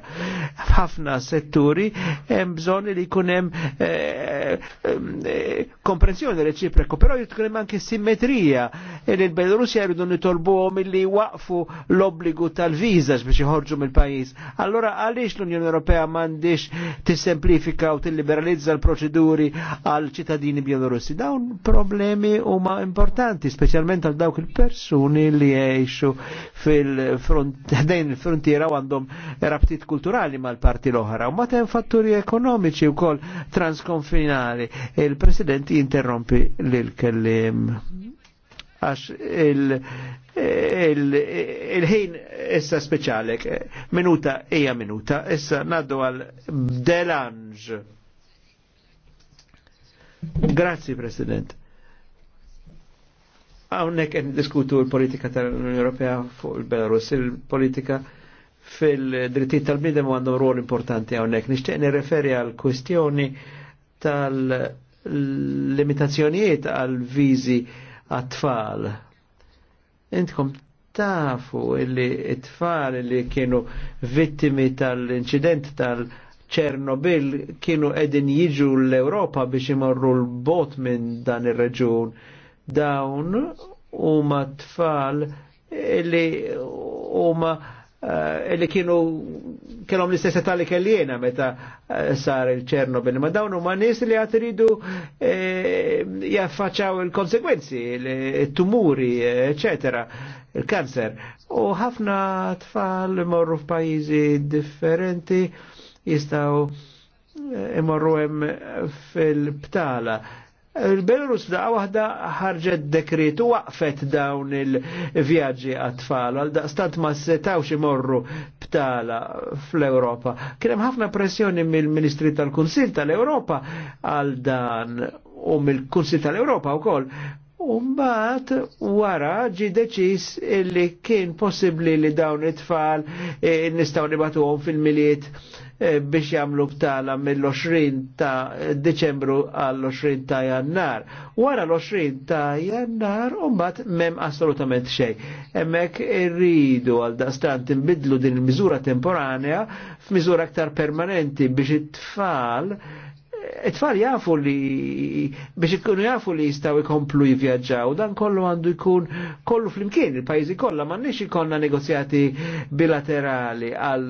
F'ħafna setturi hemm bżonn li jkun hemm eh, eh, komprensjoni reċiproku, però jitkun hemm anke simmetrija e li l-Bielorussja jridu nitolbuhom illi waqfu l-obbligu tal-viżas biex joħorġu mill-pajjiż. Allora għaliex l-Unjoni Ewropea m'għandix tissemplifika u tilliberalizza l-proċeduri għal ċittadini Bielorussi. Dawn problemi huma importanti, speċjalment għal dawk il-persuni li jgħixu fil-ħdejn il-frontiera u għandhom rabtit kulturali mal-parti l-oħra. U matem fatturi ekonomiċi u kol transkonfinali. Il-President jinterrompi l-kellim. Għax il- il-ħin issa speċjalek, minuta hija minuta, issa naddu għal Delange. Grazzi, President. Għawnek għen diskutu l-politika tal-Unjoni Ewropea fuq il-Belarus, il-politika fil-drittijiet tal-bnidem għandhom rol importanti għawnek. Nishtiq nirreferi għal kwestjoni tal-limitazzjonijiet għal vizi għat-tfal. Intkom tafu illi it-tfal li kienu vittimi tal-inċident tal ċernobil kienu edin jiġu l-Europa biex imorru l-bot minn dan ir-reġun Dawn huma tfal li huma eh, li kienu kellhom l-istess età li kellijena meta eh, sar il-Ċernobil, ma dawn huma nies li għad iridu eh, jaffaċċaw il-konsekwenzi, il-tumuri, eccetera, il-kanser. U ħafna tfal morru f'pajjiżi differenti jistaw imorru hemm fil-btala Il-Belarus da waħda ħarġet dekretu waqfet dawn il-vjaġġi għat-tfal, għal stant ma setawx imorru btala fl-Europa. Kienem ħafna pressjoni mill-Ministri tal-Kunsil tal-Europa għal dan u mill-Kunsil tal-Europa u koll. Umbat wara ġi deċis illi kien possibli li dawn it-tfal eh, nistaw nibatuhom fil-miliet Eh, biex jamlu btala mill-20 ta' Deċembru għall-20 ta' Jannar. Wara l-20 ta' Jannar umbat mem assolutament xej. Emmek irridu għal daqstant imbidlu din il-miżura temporanea f'miżura aktar permanenti biex it-tfal it-tfal jafu li biex ikunu jafu li jistaw ikomplu jivjaġġaw, dan kollu għandu jkun kollu flimkien, il-pajzi kollha m'għandniex ikollna negozjati bilaterali għal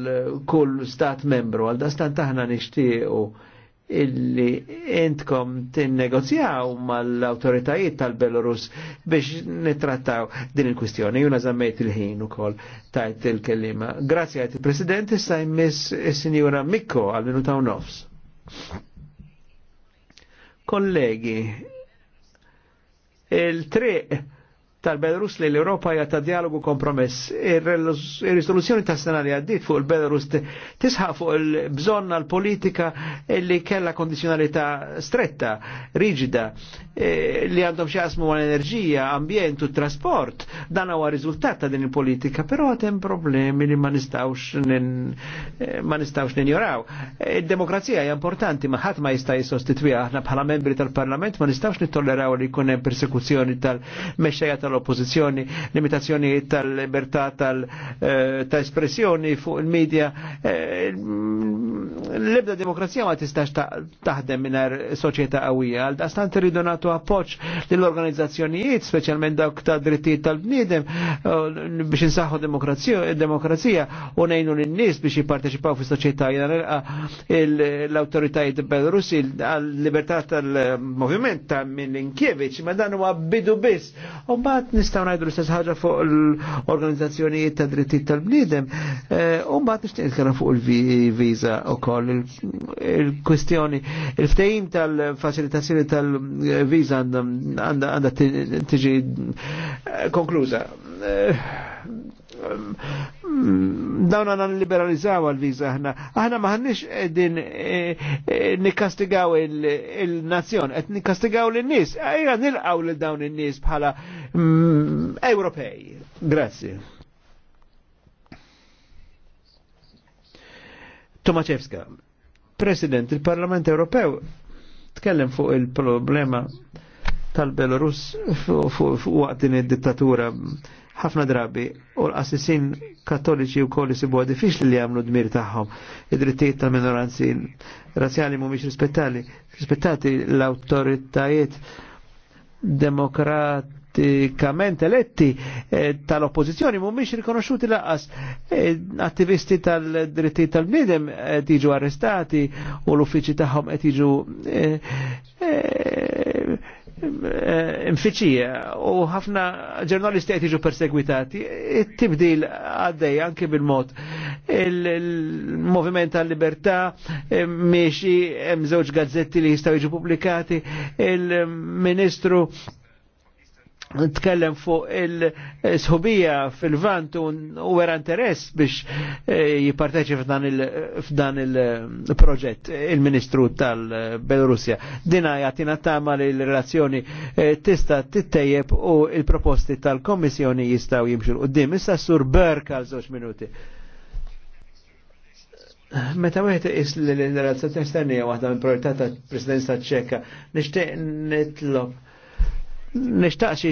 kull stat membru, għal dastan taħna nixtiequ illi intkom tinnegozjaw mal-autoritajiet tal-Belarus biex nittrattaw din il-kwistjoni. Juna zammejt il-ħin u koll tajt il-kellima. Grazie għajt il-President, issa jmiss il-Sinjura Mikko għal-minuta u nofs. Kollegi, il-triq tal-Belarus li l-Europa hija ta' dialogu kompromess. Ir-risoluzzjoni ta' sena li għaddit fuq il-Belarus tisħaq fuq il-bżonn għal politika li kella kondizjonalità stretta, rigida, eh, li għandhom xi jasmu għal enerġija, ambjent u trasport. Dan huwa riżultat ta' din il-politika, però hemm problemi li ma nistgħux eh, ma nistgħux ninjoraw. Id-demokrazija hija importanti, ma ħadd ma jista' jissostitwiha aħna bħala membri tal-Parlament ma nistgħux nittolleraw li jkun hemm persekuzzjoni tal-mexxejja tal l-oppozizjoni, limitazzjoni tal-libertà eh, tal-espressjoni fuq il-medja. Eh, l-ebda demokrazija ma tistax taħdem minar soċieta għawija. għal dastan rridu natu appoċ l-organizzazzjonijiet, specialment dawk ta' drittijiet tal-bnidem, eh, biex nsaħħu demokrazija u nejnu l-nis biex jipparteċipaw fi soċieta l-autoritajiet Belorussi għal-libertà tal-moviment ta' Milinkiewicz, ma dan huwa bidu biss. U ma mbagħad nistgħu ngħidu l-istess ħaġa fuq l-organizzazzjonijiet ta' drittijiet tal-bniedem. Eh, mbagħad nixtieq nitkellem fuq il-viża wkoll il kwistjoni Il-ftehim tal-faċilitazzjoni tal-viża għandha tiġi eh, konkluża eh, dawna għan liberalizzaw għal-viza ħna. Aħna maħannix din e, e, nikastigaw il-nazzjon, et nikastigaw l-nis. Ejja nilqaw l-dawn il-nis bħala mm, Ewropej. Grazie. Tomaċevska, President, il-Parlament Ewropew tkellem fuq il-problema tal-Belarus fuq waqt din id-dittatura ħafna drabi u l qassisin kattoliċi u kolli sibu diffiċ li jagħmlu dmir tagħhom. Id-drittijiet tal-minoranzi razzjali mhumiex rispettali, rispettati l-awtoritajiet demokratikament eletti eh, tal-oppozizjoni mhumiex rikonoxxuti laqas eh, attivisti tal-drittijiet tal bnidem qed jiġu arrestati u l-uffiċċji tagħhom qed jiġu eh, mfiċija u ħafna ġurnalisti qed jiġu persegwitati, it-tibdil għaddej anke bil-mod. Il-Moviment tal-Libertà eh, miexi hemm żewġ gazzetti li jistgħu jiġu pubblikati, il-Ministru nitkellem fuq il-sħubija fil-vant u wera interess biex eh, jipparteċi f'dan il-proġett il-Ministru tal-Belorussja. Dina jatina tama li l-relazzjoni eh, tista tittejjeb u il-proposti tal-Kommissjoni jistaw jimxu l-qoddim. Issa sur Berk għal żewġ minuti. Meta wieħed is l-relazzjoni esternija waħda mill-priorità tal-Presidenza ċeka, nixtieq nitlob nishtaqsi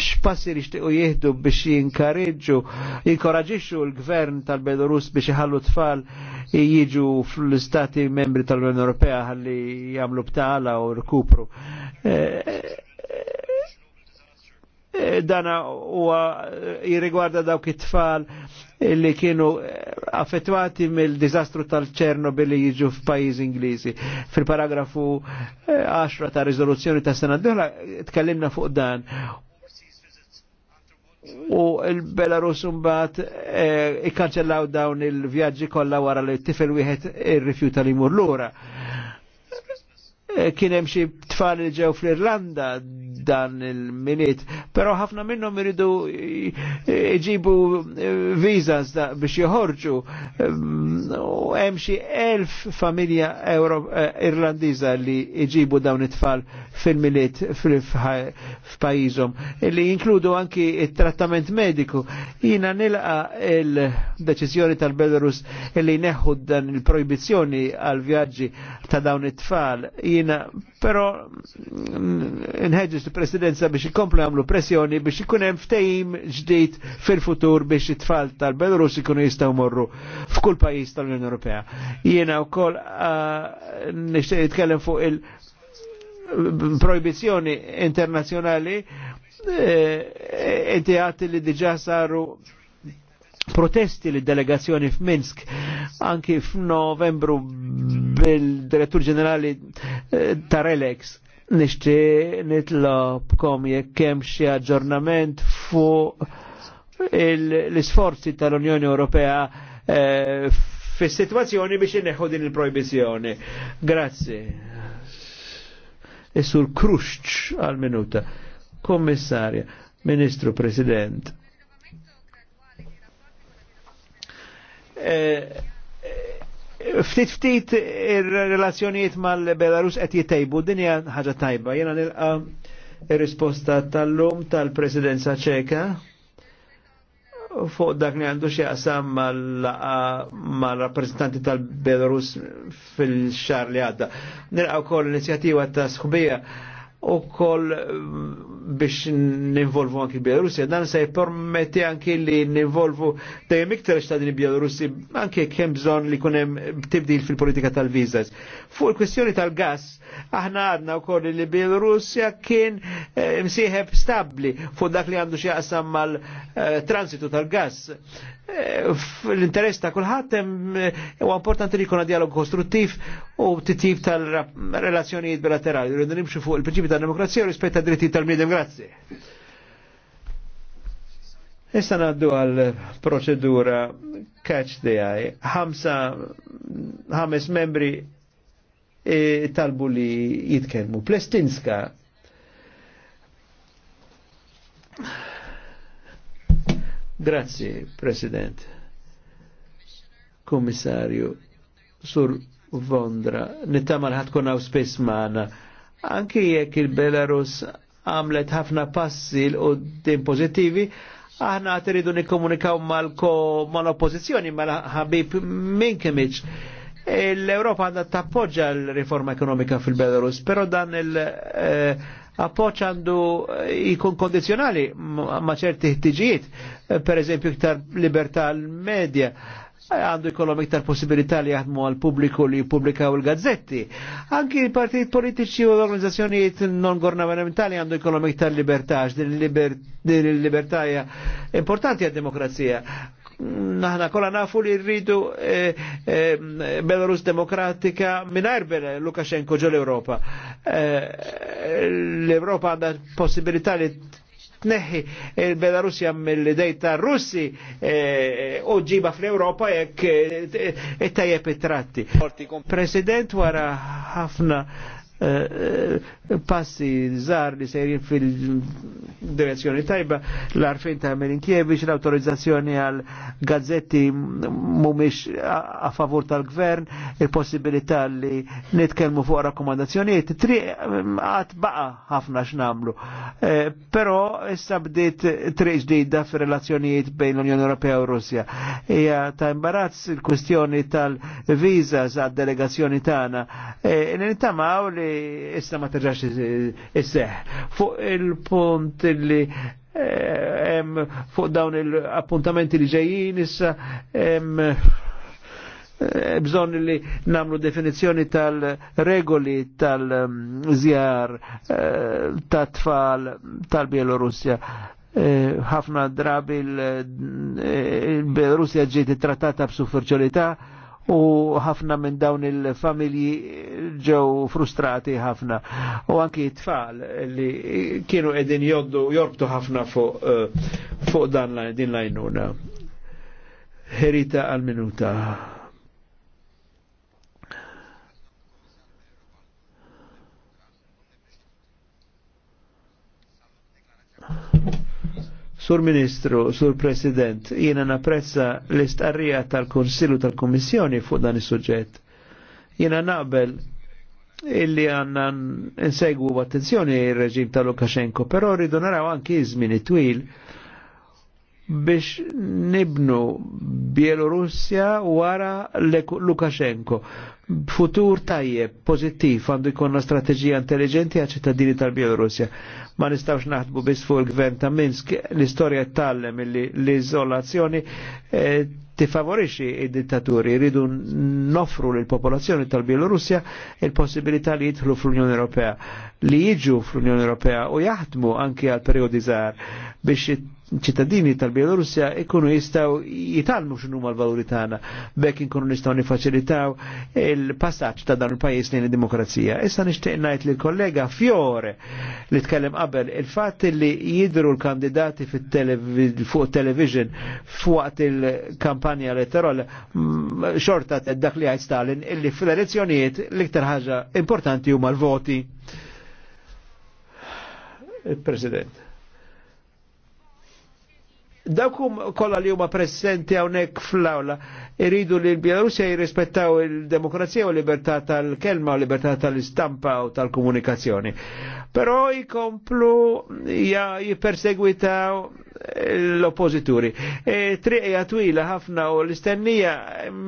x'passi jixtiequ jieħdu biex jinkareġġu, jinkoraġixxu l-gvern tal-Belarus biex iħallu tfal jiġu fl-istati membri tal-Unjoni Ewropea ħalli jagħmlu btala u rkupru. Eh, Eh, dana huwa eh, jirrigwarda dawk it-tfal li kienu eh, affettwati mill-dizastru tal-ċernobil li jiġu f'pajjiż Ingliżi. Fil-paragrafu 10 ta' riżoluzzjoni ta' sena d tkellimna fuq dan. U il-Belarus mbagħad ikkanċellaw dawn il-vjaġġi kollha wara li t-tifel wieħed rifjuta li mur lura kien hemm xi tfal li ġew fl-Irlanda dan il minit però ħafna minnhom iridu jġibu e, visas biex joħorġu. U hemm xi elf familja e, Irlandiża li jġibu dawn it-tfal fil minit f'pajjiżhom li jinkludu anki it-trattament mediku. Jina nilqa il-deċiżjoni tal-Belarus li neħħu dan il-projbizzjoni għal vjaġġi ta' dawn it-tfal. Jina għanna, però mm, nħeġġeġ il-presidenza biex ikomplu għamlu pressjoni biex ikun hemm ġdijt ġdid fil-futur biex it-tfal tal-Belarus ikunu jistaw morru f'kull pajjiż tal-Unjoni Ewropea. Jiena wkoll uh, nixtieq jitkellem fuq il- proibizjoni internazjonali eh, inti għati li diġa saru protesti li delegazzjoni f'Minsk anki f'Novembru bil-direttur ġenerali eh, ta' Relex. Nishti nitlobkom jekk hemm xi aġġornament fuq l-isforzi tal-Unjoni Ewropea eh, fis-sitwazzjoni biex inneħħu din il-projbizjoni. Grazzi. Isur Krusċ għal-minuta. Kommissarja, Ministru President. Eh, ftit ftit ir-relazzjonijiet mal-Belarus qed jitejbu din hija ħaġa tajba. Jena nilqa ir-risposta tal-lum tal-Presidenza Ċeka fuq dak li għandu xieqsam mal-rappresentanti tal-Belarus fil-xar li għadda. Nilqgħu wkoll l-inizjativa ta' sħubija u koll mm, biex ninvolvu anki Bielorussi. Dan se jippermetti anki li ninvolvu dajem iktar ċtadini Bielorussi anki kemm bżonn li kunem tibdil fil-politika tal-vizas. Fuq il-kwestjoni tal-gas, aħna għadna u koll li Bielorussja kien e, msieħeb stabli fuq dak li għandu xieqsam mal-transitu eh, tal-gas eh, l-interess ta' kulħadd hemm huwa importanti li jkun dialog kostruttiv u titjib tal-relazzjonijiet bilaterali. Rridu nimxu fuq il-prinċipi tal-demokrazija u rispetta dritti tal medium Grazzi. Issa naddu għal proċedura catch the eye. Hamsa ħames membri e, talbu li jitkelmu. Plestinska. Grazie, President. Commissario. sur Vondra. Nittamal ħatkun għaw spess maħna. Anki jekk il-Belarus għamlet ħafna passi l din pozittivi, aħna għat rridu nikkomunikaw mal-oppozizjoni, mal-ħabib Minkemiċ. L-Europa għanda tappoġġa l-riforma ekonomika fil-Belarus, pero dan il eh, appoċ għandu eh, jkun kondizjonali ma' ċerti ħtiġijiet, eh, per eżempju iktar libertà l-medja għandu jkollhom iktar possibilità li jaħdmu għal pubbliku li jippubblikaw il-gazzetti. Anki partit politiċi u organizzazzjonijiet non governamentali għandu jkollhom iktar libertà, din il-libertà hija importanti għad-demokrazija. Naħna kolla nafu li rridu e, e, Belarus demokratika minar Lukashenko ġo l-Europa. E, L-Europa għandha possibilità li neħi il-Belarusja mill ta' Russi eh, eh, u ġiba fl-Europa jekk eh, tajjeb it-tratti. President wara ħafna Eh, eh, passi zar li sejrin fil-direzzjoni tajba l-arfin ta' Milinkieviċ l-autorizzazzjoni għal gazzetti mhumiex a favur tal-gvern il-possibilità li nitkellmu fuq rakkomandazzjonijiet tri għat baqa ħafna x'namlu. Eh, però issa bdiet tri ġdida fir-relazzjonijiet bejn l-Unjoni Ewropea u Russja. ija ta' imbarazz il-kwistjoni tal viza za' delegazzjoni tagħna. Nittamaw li issa ma terġax isseħ. Fuq il-punt li eh, fuq dawn il-appuntamenti li ġejjin issa eh, bżon li namlu definizjoni tal-regoli tal-żjar eh, ta' tfal tal-Bielorussja. Ħafna drabi il-Bielorussja ġiet trattata b'sufferċolità u ħafna minn dawn il-familji ġew frustrati ħafna u anki tfal li kienu edin joddu jorbtu ħafna fuq eh, fu dan din lajnuna. Herita għal-minuta. Thank you. Sur Ministru, Sur President, jiena napprezza l-istqarrija tal-Konsilu tal-Kommissjoni fuq dan is-suġġett. Jiena naqbel illi għanna nsegwu attenzjoni il-reġim ta' Lukashenko, però rridu naraw anki żmien twil biex nibnu Bielorussja wara Lukashenko. Futur tajjeb, pozittiv, għandu jkollna strateġija intelligenti għal ċittadini tal-Bielorussja ma nistawx naħdbu biss fuq il-gvern ta' Minsk, l-istorja tallem li l-izolazzjoni eh, tifavorixi id-dittaturi, rridu nofru l-popolazzjoni tal-Bielorussja il-possibilità li jidħlu fl-Unjoni Ewropea, li jiġu fl-Unjoni Ewropea u jaħdmu anki għal periodi żgħar biex ċittadini tal-Bielorussja ikunu jistaw jitalmu x'nu l valuri tagħna bekk inkunu nistgħu nifaċilitaw il-passaġġ ta' dan il-pajjiż lejn id-demokrazija. Issa nixtieq ngħid lil kollega Fiore li tkellem qabel il-fatt li jidru l-kandidati fuq television fuq il-kampanja elettorali mm, xorta dak li għajt Stalin illi fil-elezzjonijiet l-iktar ħaġa importanti huma l-voti. Il-President dakum kolla li huma presenti hawnhekk fl-awla iridu li l-Bielorussja jirrispettaw il-demokrazija u libertà tal-kelma u libertà tal-istampa u tal-komunikazzjoni. Però jkomplu ja l-oppozituri. E, Triqja twila ħafna u l-istennija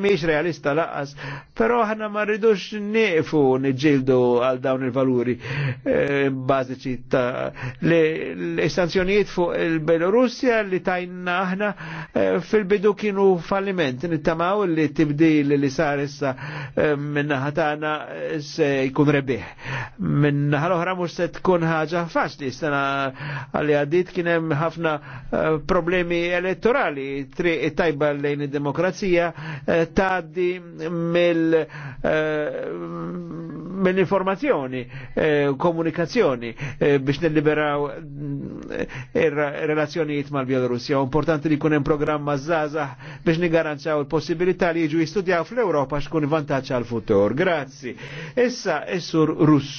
miex realista laqas, pero ħana ma rridux niqfu nġildu għal dawn il-valuri e, bażiċi ta' l istanzjoniet fuq il-Belorussja li tajna aħna e, fil-bidu kienu falliment. Nittamaw li tibdil li sar issa e, minna ħatana se jkun rebiħ. Minna ħal ohra mux se tkun ħaġa faċli, sena għalli għaddit kienem ħafna Eh, problemi elettorali, triq tajba lejn id-demokrazija eh, tgħaddi eh, mill-informazzjoni, komunikazzjoni biex nilliberaw ir-relazzjonijiet mm, er-, mal-Bielorussja. Importanti li jkun hemm programma żgħażagħ biex nigaranzjaw il-possibilità li jiġu jistudjaw fl-Ewropa xkun vantaġġ għal-futur. Grazzi. Issa, essur Russ.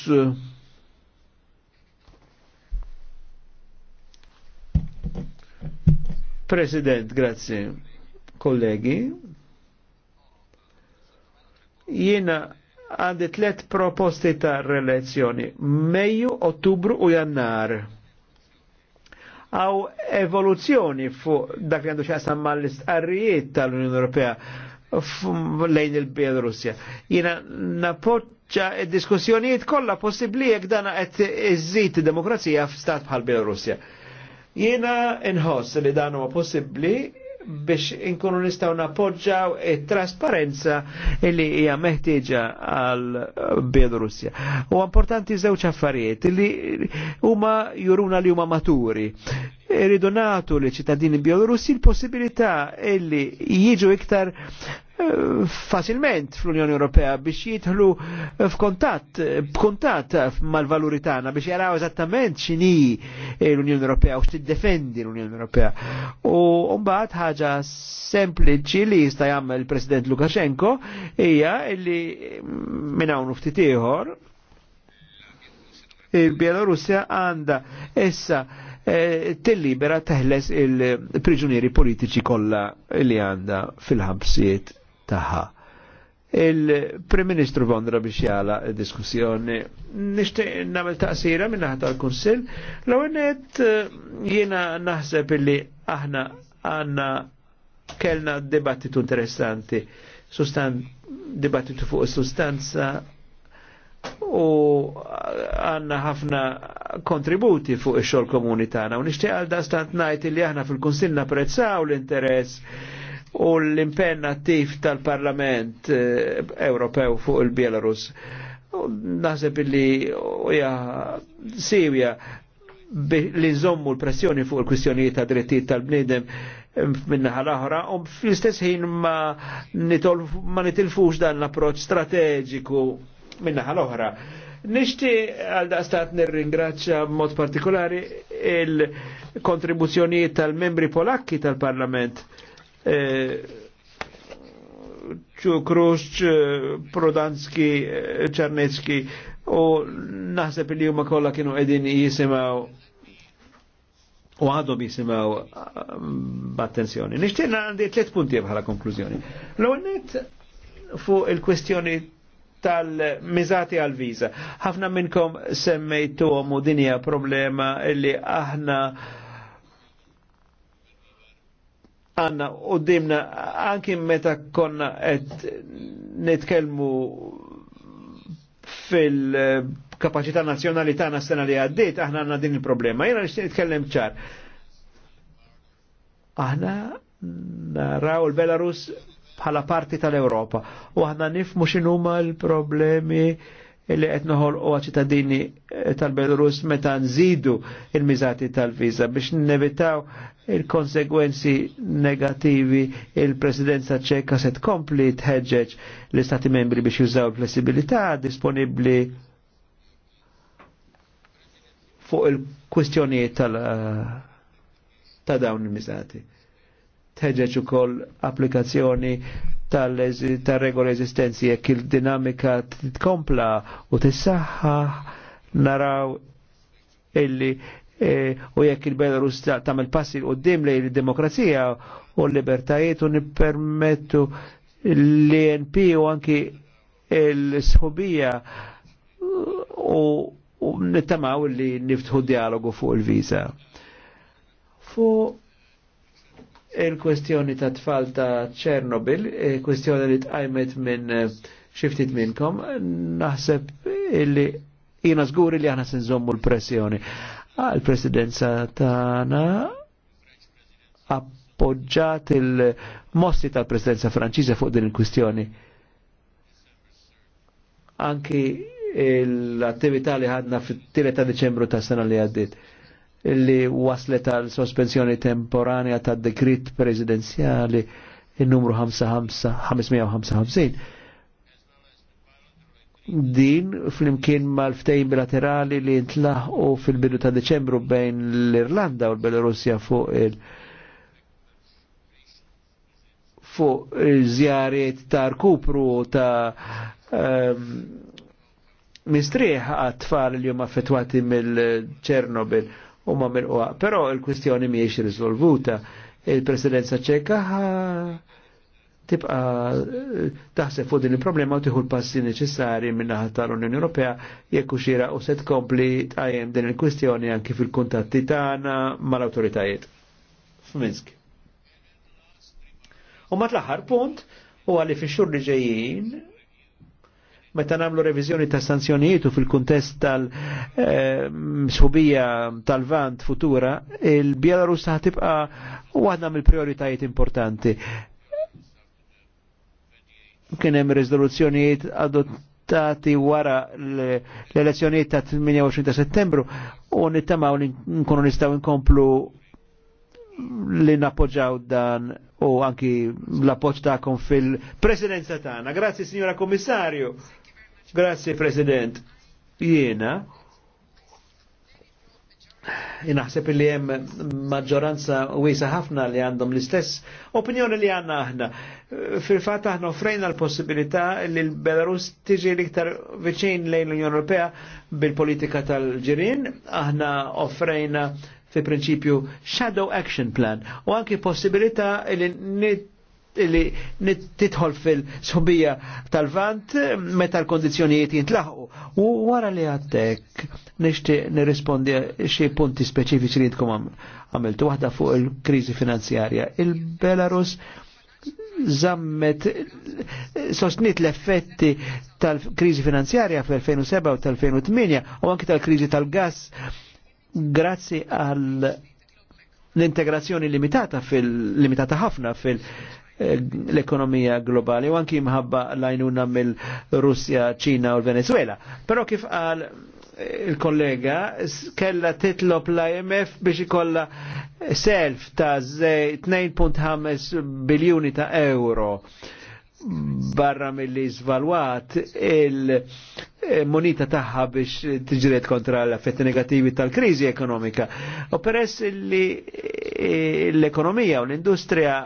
President, grazie. Kollegi, jiena għandi tlet proposti ta' relazzjoni, Mejju, Ottubru u Jannar. Għaw evoluzzjoni fuq dak li għandu xasam mal-istqarrijiet tal-Unjoni Ewropea lejn il-Bielorussja. Jiena napoċċa id-diskussjonijiet kollha possibbli jekk dana qed iżżid demokrazija f'stat bħal Bielorussja. Jiena nħoss li dan huwa possibbli biex inkunu nistaw napoġġaw trasparenza li hija meħtieġa għal Bielorussja. U importanti żewġ affarijiet li huma juruna li huma maturi. Irridu nagħtu li ċittadini Bielorussi l-possibilità illi jiġu iktar Facilment fl-Unjoni Ewropea biex jidħlu f'kontatt, b'kuntatt mal-valuri tagħna biex jaraw eżattament x'inhi l-Unjoni Ewropea u x'tiddefendi l-Unjoni Ewropea. U mbagħad ħaġa sempliċi li jista' jagħmel il-President Lukashenko hija li minn hawn ftit ieħor il-Bielorussja eh, għandha essa eh, tillibera teħles il-priġunieri politiċi kollha li għandha fil-ħabsiet taħħa. Il-Prim Ministru Vondra biex jala diskussjoni nixtieq nagħmel taqsira minn naħa tal-Kunsill l net eh, jiena naħseb illi aħna għandna kellna dibattitu interessanti, sustan dibattitu fuq sustanza u għanna ħafna kontributi fuq ix-xogħol komuni tagħna u nixtieq għal dastant ngħid li aħna fil-Kunsill napprezzaw l-interess u l-impenn attiv tal-Parlament eh, Ewropew fuq il-Belarus. Naħseb li hija Sirja li nżommu l-pressjoni fuq il-kwistjonijiet ta' drittijiet tal-bniedem minna l-oħra, u fl-istess ħin ma nitilfux dan l-approċ strateġiku minna l-oħra. Nishti għal daqstat nirringraċċa mod partikolari il-kontribuzzjonijiet tal-membri polakki tal-Parlament E, Krusċ, e, Prudanski, Czarnecki e, u naħseb li huma kollha kienu qegħdin jisimgħu u għadhom jisimaw mm, b'attenzjoni. Nixtiena għandi tlet punti bħala konklużjoni. L-għonet fu il-kwestjoni tal-mizati għal-viza. ħafna minnkom semmejtu u dinja problema illi aħna għanna u dimna anki meta konna et nitkelmu fil-kapacità nazjonali tagħna sena li għaddit, aħna għanna din il-problema. Jena nixtieq nitkellem ċar. Aħna naraw il-Belarus bħala parti tal-Europa u aħna nifmu xinuma l-problemi illi qed noħolqu ċittadini eh, tal-Belarus meta nżidu il-miżati tal-viża biex nevitaw il-konsegwenzi negativi il-presidenza ċeka se tkompli tħeġġeġ l-istati membri biex jużaw il-flessibilità disponibbli fuq il-kwistjonijiet tal- eh, ta' dawn il-miżati. Tħeġġeġ ukoll applikazzjoni tal tar-regola eżistenzi jekk il-dinamika tkompla u tissaħħa naraw illi e, u jekk il-Belarus tagħmel passi dim li id-demokrazija u l-libertajiet u nippermettu l inp u anki l-sħubija u nittamaw li niftħu dialogu fuq il visa Fuq il-kwestjoni ta' tfal ta' Ċernobil, kwestjoni li tqajmet minn eh, xiftit minnkom, naħseb illi jina zguri li aħna sinżommu l-pressjoni. Għal-presidenza ah, tagħna appoġġat il-mossi tal-presidenza franċiża fuq din il-kwistjoni. Anki l-attività li ħadna fit tile ta' Deċembru ta' sena li għaddit li waslet għal sospensjoni temporanja ta' dekrit presidenziali il-numru 555. Din fl-imkien mal-ftejn bilaterali li intlaħqu fil-bidu ta' Deċembru bejn l-Irlanda u l-Belorussja fuq il- fuq il-żjariet ta' rkupru ta' um, mistrieħ għat-tfal li huma affettwati mill-Ċernobil u ma mirqwa. Però il-kwistjoni miex risolvuta. Il-presidenza ċeka tibqa eh, taħseb fuq din il-problema u tieħu l-passi neċessari minnaħa tal-Unjoni Ewropea jekk xira u se tkompli tqajjem din il-kwistjoni anki fil-kuntatti tagħna mal-awtoritajiet f'Minsk. U mat l-aħħar punt u għalli fi xhur li ġejjin meta nagħmlu reviżjoni ta' sanzjonijiet u fil-kuntest tal-sħubija eh, tal-vant futura, il-Bielarus ħatibqa waħda mill-prioritajiet importanti. Kien hemm riżoluzzjonijiet adottati wara l elezzjonijiet ta' 28 ta' settembru u nittamaw li nkunu nistaw nkomplu li nappoġġaw dan u anki l appoġġ ta'kom fil-presidenza tagħna. Grazzi, signora Kommissarju. Grazzi, President. Jiena, inaħseb li jem maġġoranza wisa ħafna li għandhom l-istess opinjoni li għanna aħna. fil fatt aħna offrejna l-possibilità li l-Belarus tiġi liktar viċin lejn l-Unjoni Ewropea bil-politika tal-ġirin, aħna offrejna fi prinċipju shadow action plan u anki possibilità li li titħol fil subija tal-vant meta l-kondizjonijiet jintlaħu. U wara li għattek, nishti nirrispondi xie punti speċifiċi li jitkom għamiltu waħda fuq il-krizi finanzjarja. Il-Belarus zammet, sostnit l-effetti tal-krizi finanzjarja fil 2007 u tal-2008 u anki tal-krizi tal-gas grazzi għal l-integrazzjoni limitata fil-limitata ħafna fil-, -limitata l-ekonomija globali u anki mħabba lajnuna mill-Russja, Ċina u l-Venezuela. Pero kif għal eh, il-kollega kella titlob l-IMF biex ikolla self ta' 2.5 biljuni ta' euro barra mill-li zvalwat il-monita taħħa biex tiġret kontra l-effetti negativi tal-krizi ekonomika. U peress li l-ekonomija u l-industrija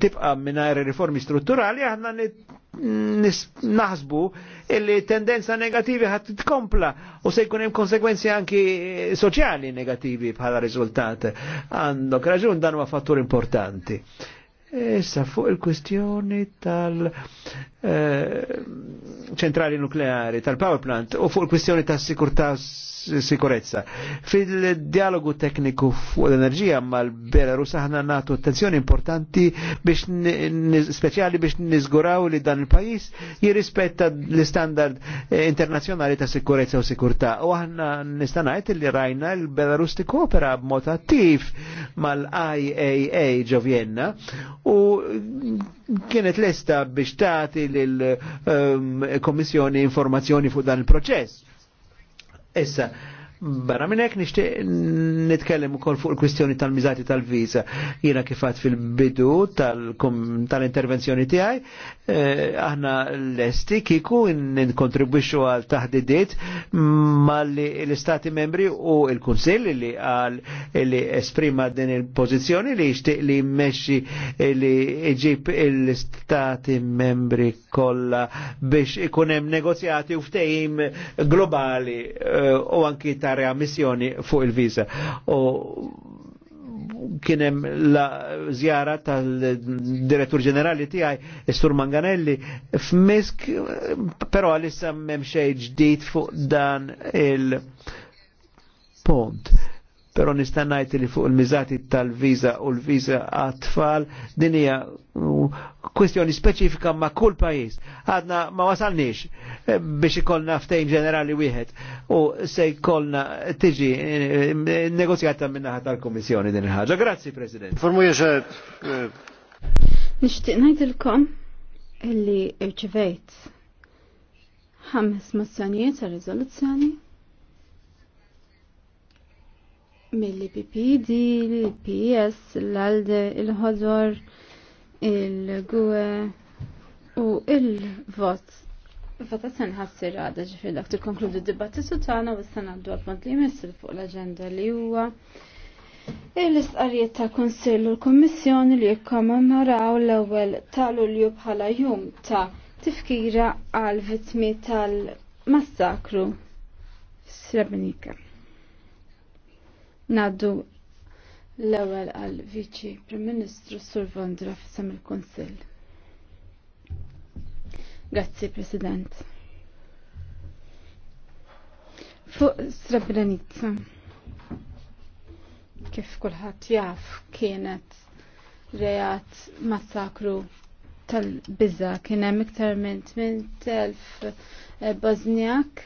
tibqa minnajr riformi strutturali aħna naħsbu illi tendenza negativi ħat tkompla u se jkun hemm konsekwenzi anki soċjali negativi bħala riżultat. Għandok raġun dan huwa fattur importanti. Issa fuq il-kwistjoni tal- Eh, ċentrali nukleari, tal-power plant u fuq il-kwistjoni ta' sikurtà sikurezza. Fil-dialogu tekniku fuq l-enerġija mal-Belarus aħna natu attenzjoni importanti biex speċjali biex nizguraw li dan il-pajis jirrispetta l-standard eh, internazjonali ta' sikurezza u sikurtà. U aħna nistanajt li rajna l-Belarus tikopera b'mod attiv mal-IAA ġovjenna u kienet lesta biex tagħti lill ehm, komissjoni informazzjoni fuq dan il-proċess. Issa, Barra minn hekk nixtieq nitkellem ukoll fuq il-kwistjoni tal-miżati tal-viża. Jiena kifat fil-bidu tal-intervenzjoni tiegħi, eh, aħna lesti kiku nkontribwixxu għal taħdidiet malli l-Istati membri u l-Kunsill li għal li esprima din il-pożizzjoni li jixtieq li jmexxi li jġib l-Istati membri kollha biex ikun hemm negozjati u ftehim globali eh, u anki ta' ta' reammissjoni fuq il visa U kienem la zjara tal-direttur ġenerali tijaj, Istur Manganelli, f'Misk, pero għalissa memxej ġdijt fuq dan il-pont. Pero nistannajt li fuq il-mizati tal-viza u l-viza għat-tfal, dinija kwestjoni speċifika ma' kull pajis. Għadna ma' wasalniex eh, biex ikollna ftejn ġenerali wieħed u se jkollna tiġi eh, negozjata minnaħa tal-Komissjoni din il-ħaġa. Grazzi, President. Formuja xe. Eh, Nishtiq najdilkom illi irċivejt ħames mozzjonijiet ta' rizoluzzjoni mill-PPD, l-PS, l-ALDE, il-ħodor, il ħodor il-gwe u il-vot Votazzjoni ħassir għada ġifir dak tikkonkludu d-dibattitu tagħna u s-sena għaddu għal-punt li jmissil fuq l-aġenda li huwa il istqarrijiet ta' Kunsill u l-Kummissjoni li jikkommemoraw l-ewwel ta' Lulju bħala jum ta' tifkira għal vittmi tal-massakru f'Srebrenica. Naddu l-ewwel għal Viċi Prim Ministru Sur Vondra f'isem il-Kunsill. Grazzi President. Fuq Srebrenica kif kulħadd jaf kienet reat massakru tal-bizza kien hemm iktar minn 8000 eh, Bosniak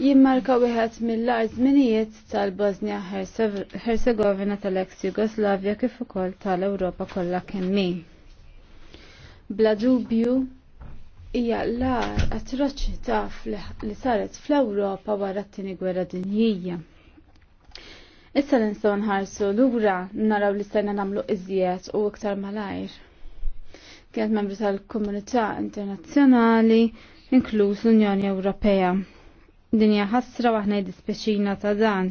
jimmarka wieħed mill-art żminijiet tal-Bosnia Herzegovina tal-ex Jugoslavja kif ukoll tal-Ewropa kollha kemm Bla dubju hija l-ar atroċità li saret fl-Ewropa wara t-tieni gwerra dinjija. Issa l-insaw nħarsu lura naraw li stajna nagħmlu iżjed u iktar malajr. Kienet membru tal-komunità internazzjonali inkluż l-Unjoni Ewropea dinja ħasra waħna jdispeċina ta' dan.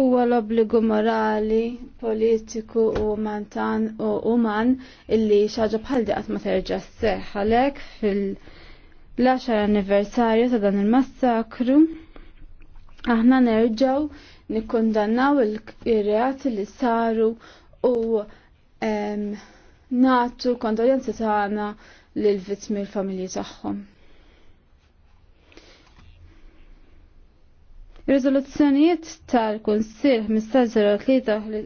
Huwa l-obbligu morali, politiku u mantan u uman illi xaġa bħal qatt ma terġa' sseħħ għalhekk fil-10 anniversarju ta' dan il-massakru aħna nerġaw nikkondannaw il-reati li saru u natu kondoljenzi tagħna lil vittmi l-familji tagħhom. Ir-riżoluzzjonijiet tal-Kunsill 1503